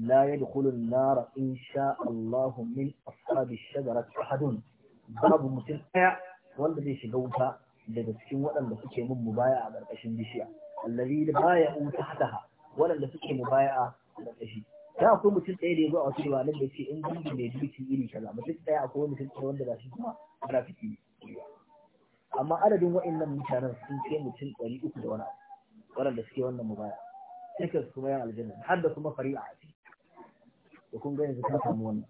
la yadkhulu an-nar in sha min ashabi shajarati ahadun babu mutum daya wanda zai shiga wuta daga cikin waɗanda suke min mubaya a ƙarƙashin bishiya allazi da baya wuta hataha waɗanda suke mubaya a ƙarƙashi da akwai mutum ɗaya da ya zo a wasu riwanan da ce in gungu mai duki iri kaza mutum ɗaya akwai mutum ɗaya wanda ba shi kuma munafiki amma adadin waɗannan mutanen sun kai mutum ɗari uku da wani abu waɗanda suke wannan mubaya duka su kuma yan aljanna har da kuma fari'a a ciki da kun ga yanzu ka samu wannan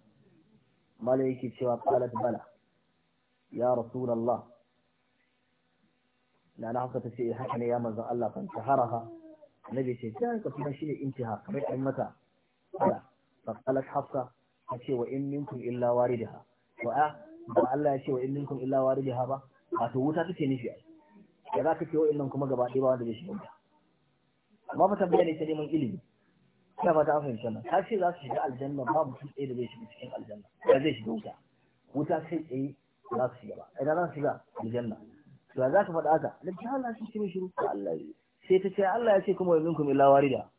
mala yake cewa qalat bala ya rasulallah na na haka ta ce eh, haka ne ya manzan Allah kan taharaha annabi ce ta ka kuma shi ne intiha kamar ɗan mata ala fasalat hafsa ta ce wa illa a ah, ba Allah ya ce wa in kun illa waridaha ba wato wuta take nufi Ya za ka ce wa'annan kuma gaba ɗaya ba wanda zai shiga wuta amma fa tambaya ne ta neman ilimi ina fata an fahimta nan ta ce za su shiga aljanna babu mutum ɗaya da zai shiga cikin aljanna da zai shiga wuta wuta sai tsaye za su shiga ba idan za su shiga aljanna to za ka faɗa haka da ta Allah shi ne shiru Allah sai ta ce Allah ya ce kuma wa minkum illa warida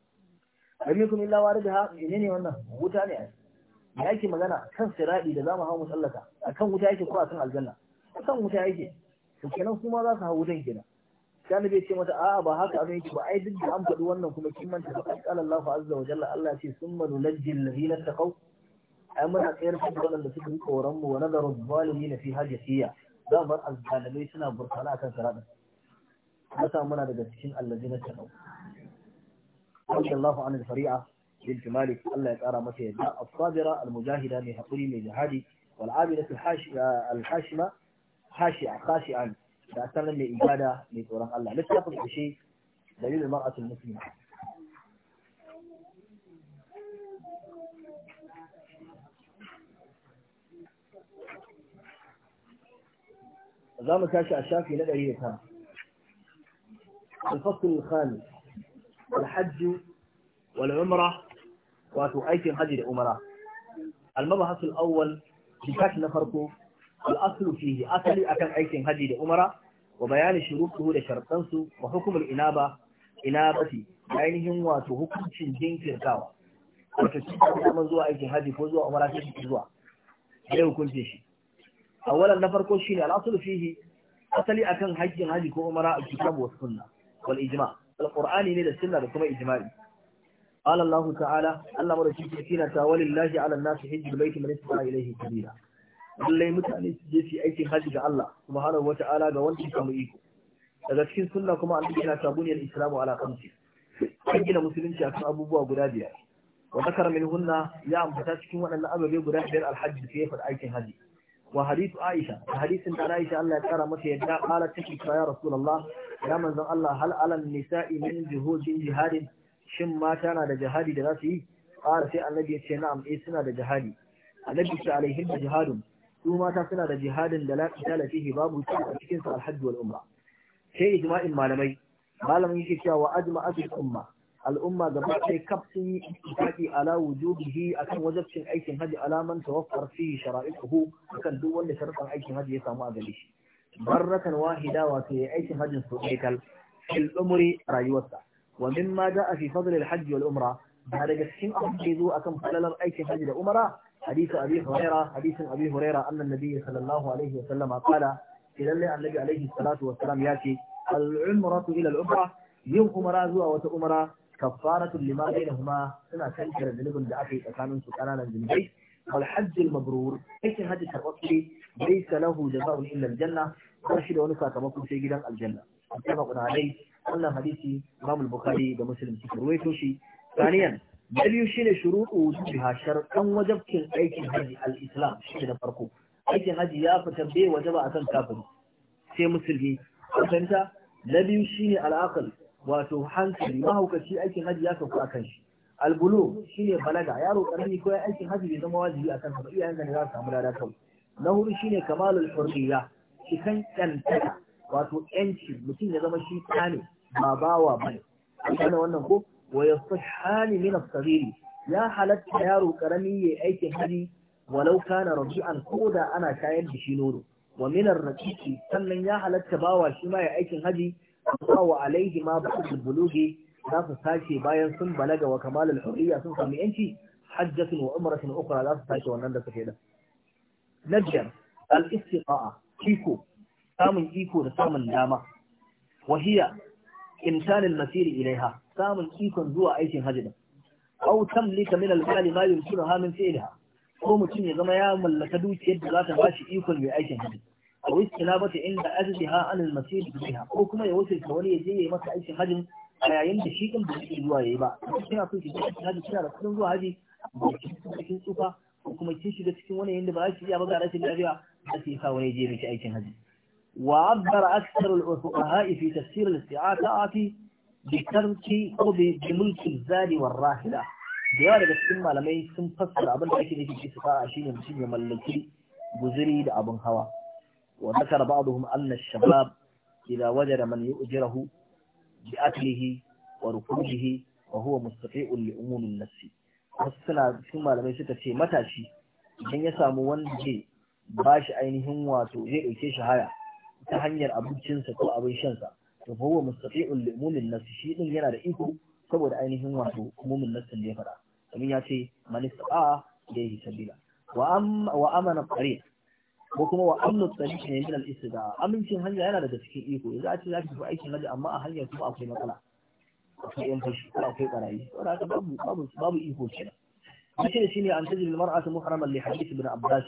wa minkum illa warida ha ne ne wannan wuta ne ai me yake magana kan siradi da zamu hawo musallaka akan wuta yake ko akan aljanna akan wuta yake to kenan kuma za su hawo wutan kenan kana bai ce mata a'a ba haka abin yake ba ai duk da an faɗi wannan kuma kin manta da qala Allah azza wa jalla Allah ya ce summa nunajjil ladina taqaw amur a tsayar da waɗanda suka yi koran mu wani garin zalimi na fi hajji fiya zan bar azzalimai suna burtala akan sarada masa muna daga cikin allazi na tsaro Allah Allahu fari'a bin Malik, Allah ya tsara masa yadda asabira almujahida mai haƙuri mai jihadi wal abida fi alhashima da asalin mai ibada mai tsoron Allah littafin kashe dalilin mar'atul muslima za mu tashi a shafi na ɗari da ta alfasul khani alhajju wal umra wato aikin haji da umara almaba hasul awwal kitab na farko al-aslu fihi asali akan aikin haji da umara wa bayani shurutuhu da shartansu wa hukumul inaba inabati ainihin wato hukuncin jinkirtawa wato shi ne zuwa aikin haji ko zuwa umara sai shi zuwa sai hukunce shi awalan na farko shine al-aslu fihi asali akan haƙƙin haji ko umara a kitabu wa sunna wal ijma al ne da sunna da kuma ijma'i qala Allah ta'ala Allah mara shi ke tina ta walillahi ala an-nasi hajjul baiti man istata ilayhi sabila lallai mutane su je su aikin haji ga Allah subhanahu wa ta'ala ga wanda ya iko daga cikin sunna kuma Allah yana ta buniyar islamu ala khamsi an na musulunci akan abubuwa guda biyar wa zakara hunna ya ambata cikin waɗannan abubuwa guda biyar al-hajj da aikin haji wa hadisu Aisha hadisin da Aisha Allah ya kara mata yadda qalat ta cewa kaya rasulallah. ya manzon Allah hal alal nisa'i min juhudin jihadin shin mata na da jihadi da za su yi qala sai annabi ya ce na'am eh suna da jihadi annabi ta alaihi da jihadun su mata suna da jihadin da la qitala fihi babu shi a cikin sa al-hajj wal umra sai ijma'in malamai malamin yake cewa wa ajma'at al-umma al’umma ga mace kaf sun yi daƙi ala wujubihi a akan wajabcin aikin hajji alaman tawaffar fi shara'ihu a kan duk wanda sharafan aikin hajji ya samu a gani shi barratan wahida wato ya aikin hajjin su aikal fil umri rayuwarsa wa mimma da a fi fadlil hajji wal umra ba daga cikin abin da ya zo akan falalar aikin hajji da umara hadisi abi huraira hadisin abi huraira annan nabi sallallahu alaihi wa sallama qala idan lai annabi alaihi wa salam ya ce al umratu ila al umra yin umara zuwa wata umara kafaratun lima bainahuma suna kankare zunubin da aka yi tsakanin su ƙananan zunubai wal hajjul mabrur aikin hajji karɓaɓɓe laysa lahu jazaa'un illa janna ba shi da wani sakamako sai gidan aljanna متفق عليه wannan hadisi Imam Bukhari da Muslim suka ruwaito shi saniyan dalilu shine shuruu wujuha sharqan wajibkin aikin haji al-Islam shi da farko aikin haji ya fita bai wajaba akan kafiri sai musulmi fahimta na biyu shine al-aql wato hankali mahaukaci aikin haji ya sauka akan shi albulu shine balaga yaro karami ko ya aikin haji bai zama wajibi akan sa ba iyayen ne za su samu lada kawai na hudu shine kamalul hurriya Cikan kyantaka wato yanci mutum ya zama shi ne ba bawa ne. kana wannan ko wa yasihani min as-saghiri ya halatta yaro karami yayi aikin haji walau kana rabi'an koda ana shayar da shi nono wa min ar sannan ya halatta bawa shi ma ya aikin haji wa alaihi ma ba'd bulugi za su bayan sun balaga wa kamal al-hurriya sun sami yanci hajjatun wa umratun ukra za su wannan da suke da Najjar al-istiqa'a iko samun iko da samun dama wahiya imsanin masiri ilaiha samun ikon zuwa aikin hajji da. aw tamlika min al-mali ma yumkinu min fi'liha ko mutum ya zama ya mallaka dukiyar da za ta bashi ikon mai aikin hajji أو استلامة عند أجلها عن المسير بها ko kuma ya wuce ka wani ya je ya masa aikin hajin a yayin da shi din ba zai zuwa yayi ba kina so ki je haji kina da kudin zuwa haji cikin tsufa ko kuma kin shiga cikin wani ba za ki iya ba ga rashin lafiya za ki sa wani je miki aikin haji wa abbara aktsaru al-fuqaha fi tafsir al-isti'atati bi tarki ko bi mulki zali wal rahila da yawa daga cikin malamai sun fassara abin da ake nufi shi su fa'a shine mutum ya mallaki guzuri da abin hawa وذكر بعضهم أن الشباب إذا وجد من يؤجره بأكله وركوبه وهو مستطيع لأمور النفس wasu cikin malamai suka ce matashi idan ya samu wanda zai ba shi ainihin wato zai ɗauke shi haya ta hanyar abincinsa ko abin shansa to fa huwa mustaqi'un li umumin nas shi din yana da iko saboda ainihin wato umumin nas din da ya faɗa. domin ya ce man istata'a ilayhi sabila wa am amana tariq ko kuma wa amnu tsariki ne min al-istida amincin hanya yana daga cikin iko yanzu a ce za ki tafi aikin haji amma a hanyar kuma akwai matsala akwai yan fashi ko akwai barayi saboda haka babu babu babu iko kenan shi shine an tajid al-mar'atu muharrama li hadith ibn abbas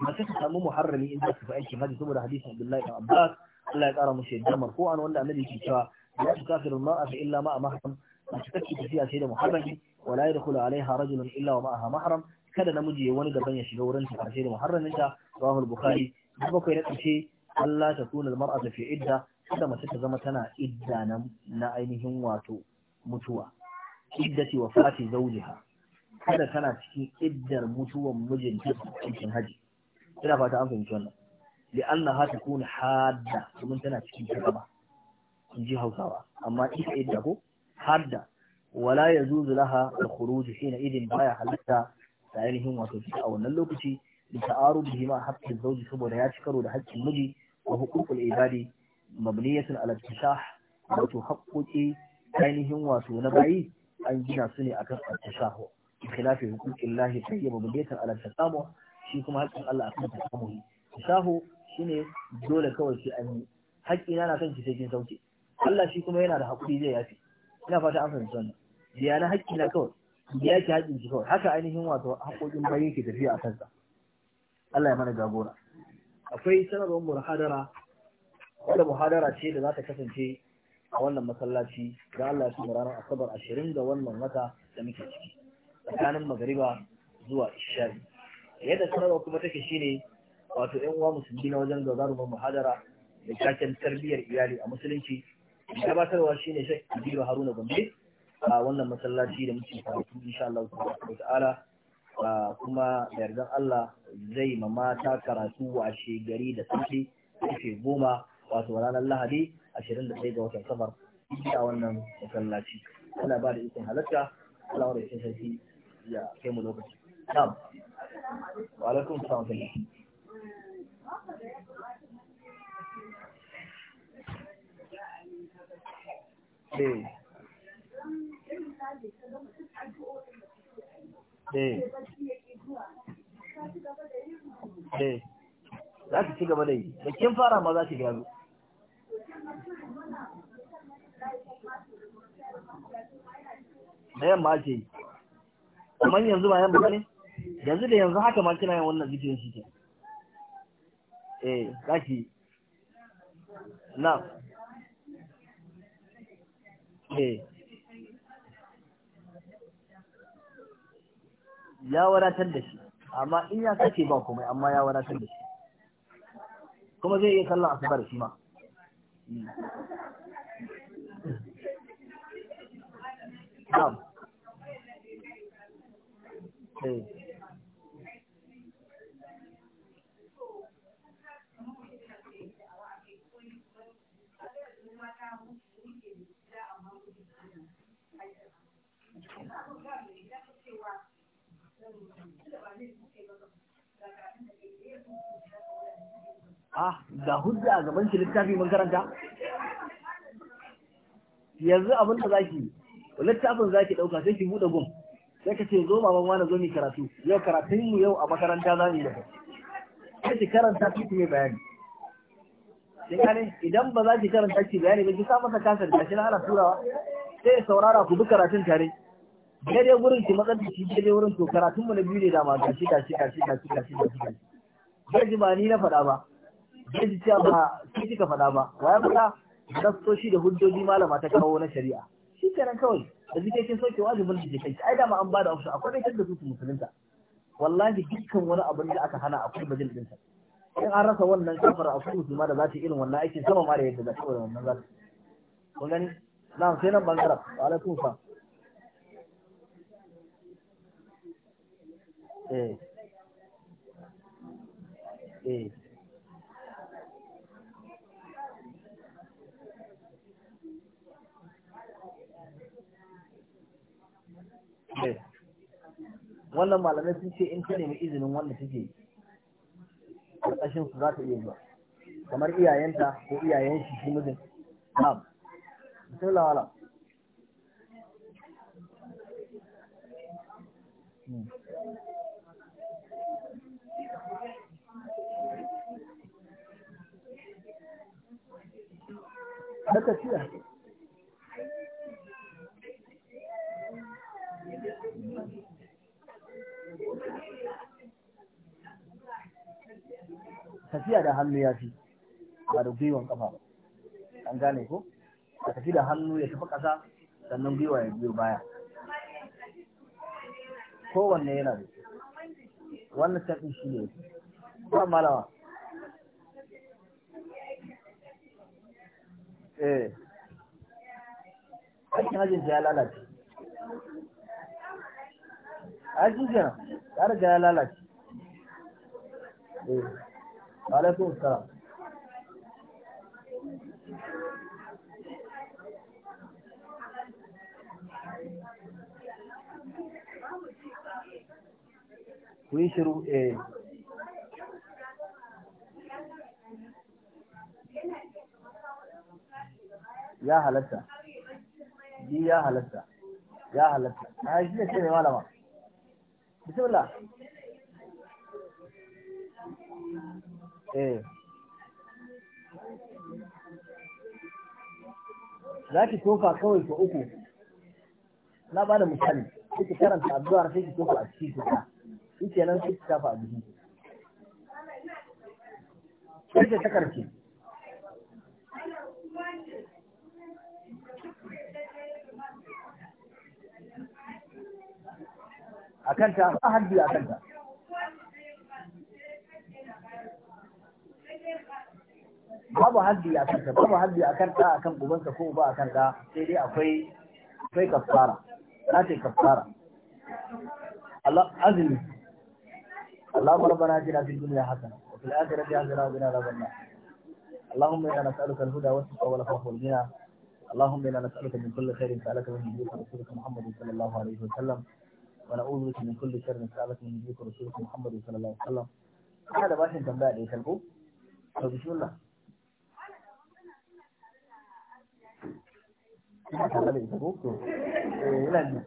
mace ta samu muharrami in za ta fi aikin haji saboda hadisin abdullahi ibn abbas Allah ya kara musu yadda marfu'an wanda annabi ke cewa la tukafiru al-mar'a fa illa ma'a mahram mace take tafiya sai da muharrami ولا يدخل عليها رجل إلا ومعها محرم kada namiji ya wani gaban ya shiga wurin ta karshe da muharramin ta rawahu bukhari na bakwai na karshe Allah ta kuna mar'atu fi idda kada mace ta zama tana idda na ainihin wato mutuwa iddati wafati zawjiha kada tana cikin iddar mutuwan mijinta cikin haji ina fata an fahimci wannan li'annaha takunu hadda domin tana cikin takaba in ji hausawa amma ita idda ko hadda wala yazuzu laha al-khuruj hina idin baya halatta da ainihin wato ciki a wannan lokaci da ta'aru bihi ma haƙƙin zauji saboda ya ci karo da haƙƙin miji wa hukukul ibadi mabniyatun ala tishah wato haƙƙoƙi ainihin wato na bayi an gina su ne akan tishah khilafi hukukin lahi sai mabniyatun ala tasamu shi kuma haƙƙin Allah akan tasamu tishah shine dole kawai sai an yi haƙƙi na kan ki sai kin sauke Allah shi kuma yana da haƙuri zai yafi ina fata an fahimci wannan biya na haƙƙi na kawai ya ki haƙin shi kawai haka ainihin wato haƙoƙin bayi ke tafiya a kansa Allah ya mana jagora akwai sanarwar muhadara wanda muhadara ce da za ta kasance a wannan masallaci da Allah ya samu ranar asabar ashirin da wannan wata da muke ciki tsakanin magariba zuwa ishari yadda sanarwar kuma take shine wato yan uwa musulmi na wajen gagarumar muhadara da taken tarbiyyar iyali a musulunci gabatarwa ne Sheikh Kabiru Haruna Gombe a wannan masallaci da muke karatu insha Allah ta'ala kuma da yardan Allah zai mama ta karatu a shegari da safe karfe goma wato ranar Lahadi 21 ga watan Safar a wannan masallaci ana ba da ikon halatta Allah wanda yi sarki ya kai mu lokaci na'am wa alaikum salam Hey. Eh. Eh. Eh. za ki ci gaba da yi da kin fara ma za ki gano da yamma ce Kuma amma yanzu ba yamma ne yanzu da yanzu haka ma kina yin wannan jikin shi ke eh za ki na eh ya wadatar da shi amma in ya kace ba komai amma ya wadatar da shi kuma zai iya sallar asabar shi ma Thank eh. you. ah ga hujja a gaban shi littafi mun karanta yanzu abin da ki, littafin za ki ɗauka sai ki bude gum sai ka ce zo baban wani zo ni karatu yau karatun mu yau a makaranta za mu yi da kai sai ki karanta ki mai bayani ka ne, idan ba za ki karanta ki bayani ba ki sa masa kasar da shi na ana turawa sai ya saurara ku bi karatun tare dare wurin ki matsalar shi dare wurin to karatun mu na biyu ne da ma gashi gashi gashi gashi gashi gashi gashi bai ji ba ni na faɗa ba bai ji cewa ba shi kika faɗa ba wa ya faɗa gastoshi da hujjoji malama ta kawo na shari'a shi kenan kawai da zike kin soke wajibin da ke kai ai da ma an bada option akwai dai da su musulunta wallahi dukkan wani abin da aka hana akwai bajin din sa in an rasa wannan kafara su ma da za ta irin wannan aikin sama ma da yadda za ta wannan za ta kun gani na sai nan bangaren wa alaikum salam Eh. Eh. Eh. wannan malamai sun ce in ta nemi izinin wanda take ƙarƙashin su za ta iya zuwa kamar iyayenta ko iyayen shi shi mijin na'am mutum lawala na tafiya tafiya da hannu ya fi ba da gwiwon kafa ba an gane ko a tafi da hannu ya tafi ƙasa sannan gwiwa ya biyo baya kowanne yana da wannan tafi shi ne ba malawa eh aikin hajjin ya lalace aikin kenan ya riga ya lalace eh ku yi shiru eh ya halatta bi ya halatta ya halatta a ah, shi ne ce mai malama bismillah eh za ki tofa kawai ko uku na ba da misali sai ki karanta addu'ar sai ki tofa a cikin kuka shi kenan sai ki tafa a jikin ka sai ta a kanta ba haddi a kanta babu haddi a kanta babu haddi a kanta a kan ubansa ko uba a kanta sai dai akwai akwai kafara za ta yi kafara Allah azumi Allah rabbana atina fid dunya hasana wa fil akhirati hasana wa qina adhaban nar اللهم انا نسالك الهدى والتقى والعفو والغنى اللهم انا نسالك من كل خير سالك منه نبيك ورسولك محمد sallallahu alaihi wa وسلم ونعوذ بك من كل شر استعاذك من نبيك ورسولك محمد صلى الله عليه وسلم هذا باشن تنبأ لي كلبو بسم الله ina tare da ita ko? Eh, ina ji.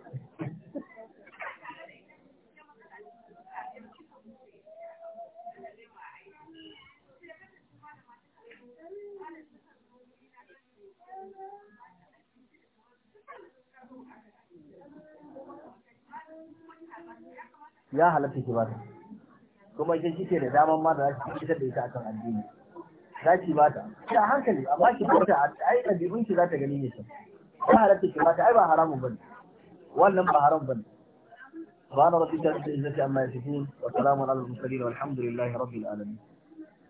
ya halatta ki bata kuma ita kike da daman ma da za ki fitar da ita akan addini za ki bata ki a hankali a baki bata ai ɗabi'un ki za ta gani ne shi ya halatta ki bata ai ba haramun bane wannan ba haram bane سبحان ربك رب العزة عما يصفون وسلام على المرسلين والحمد لله رب العالمين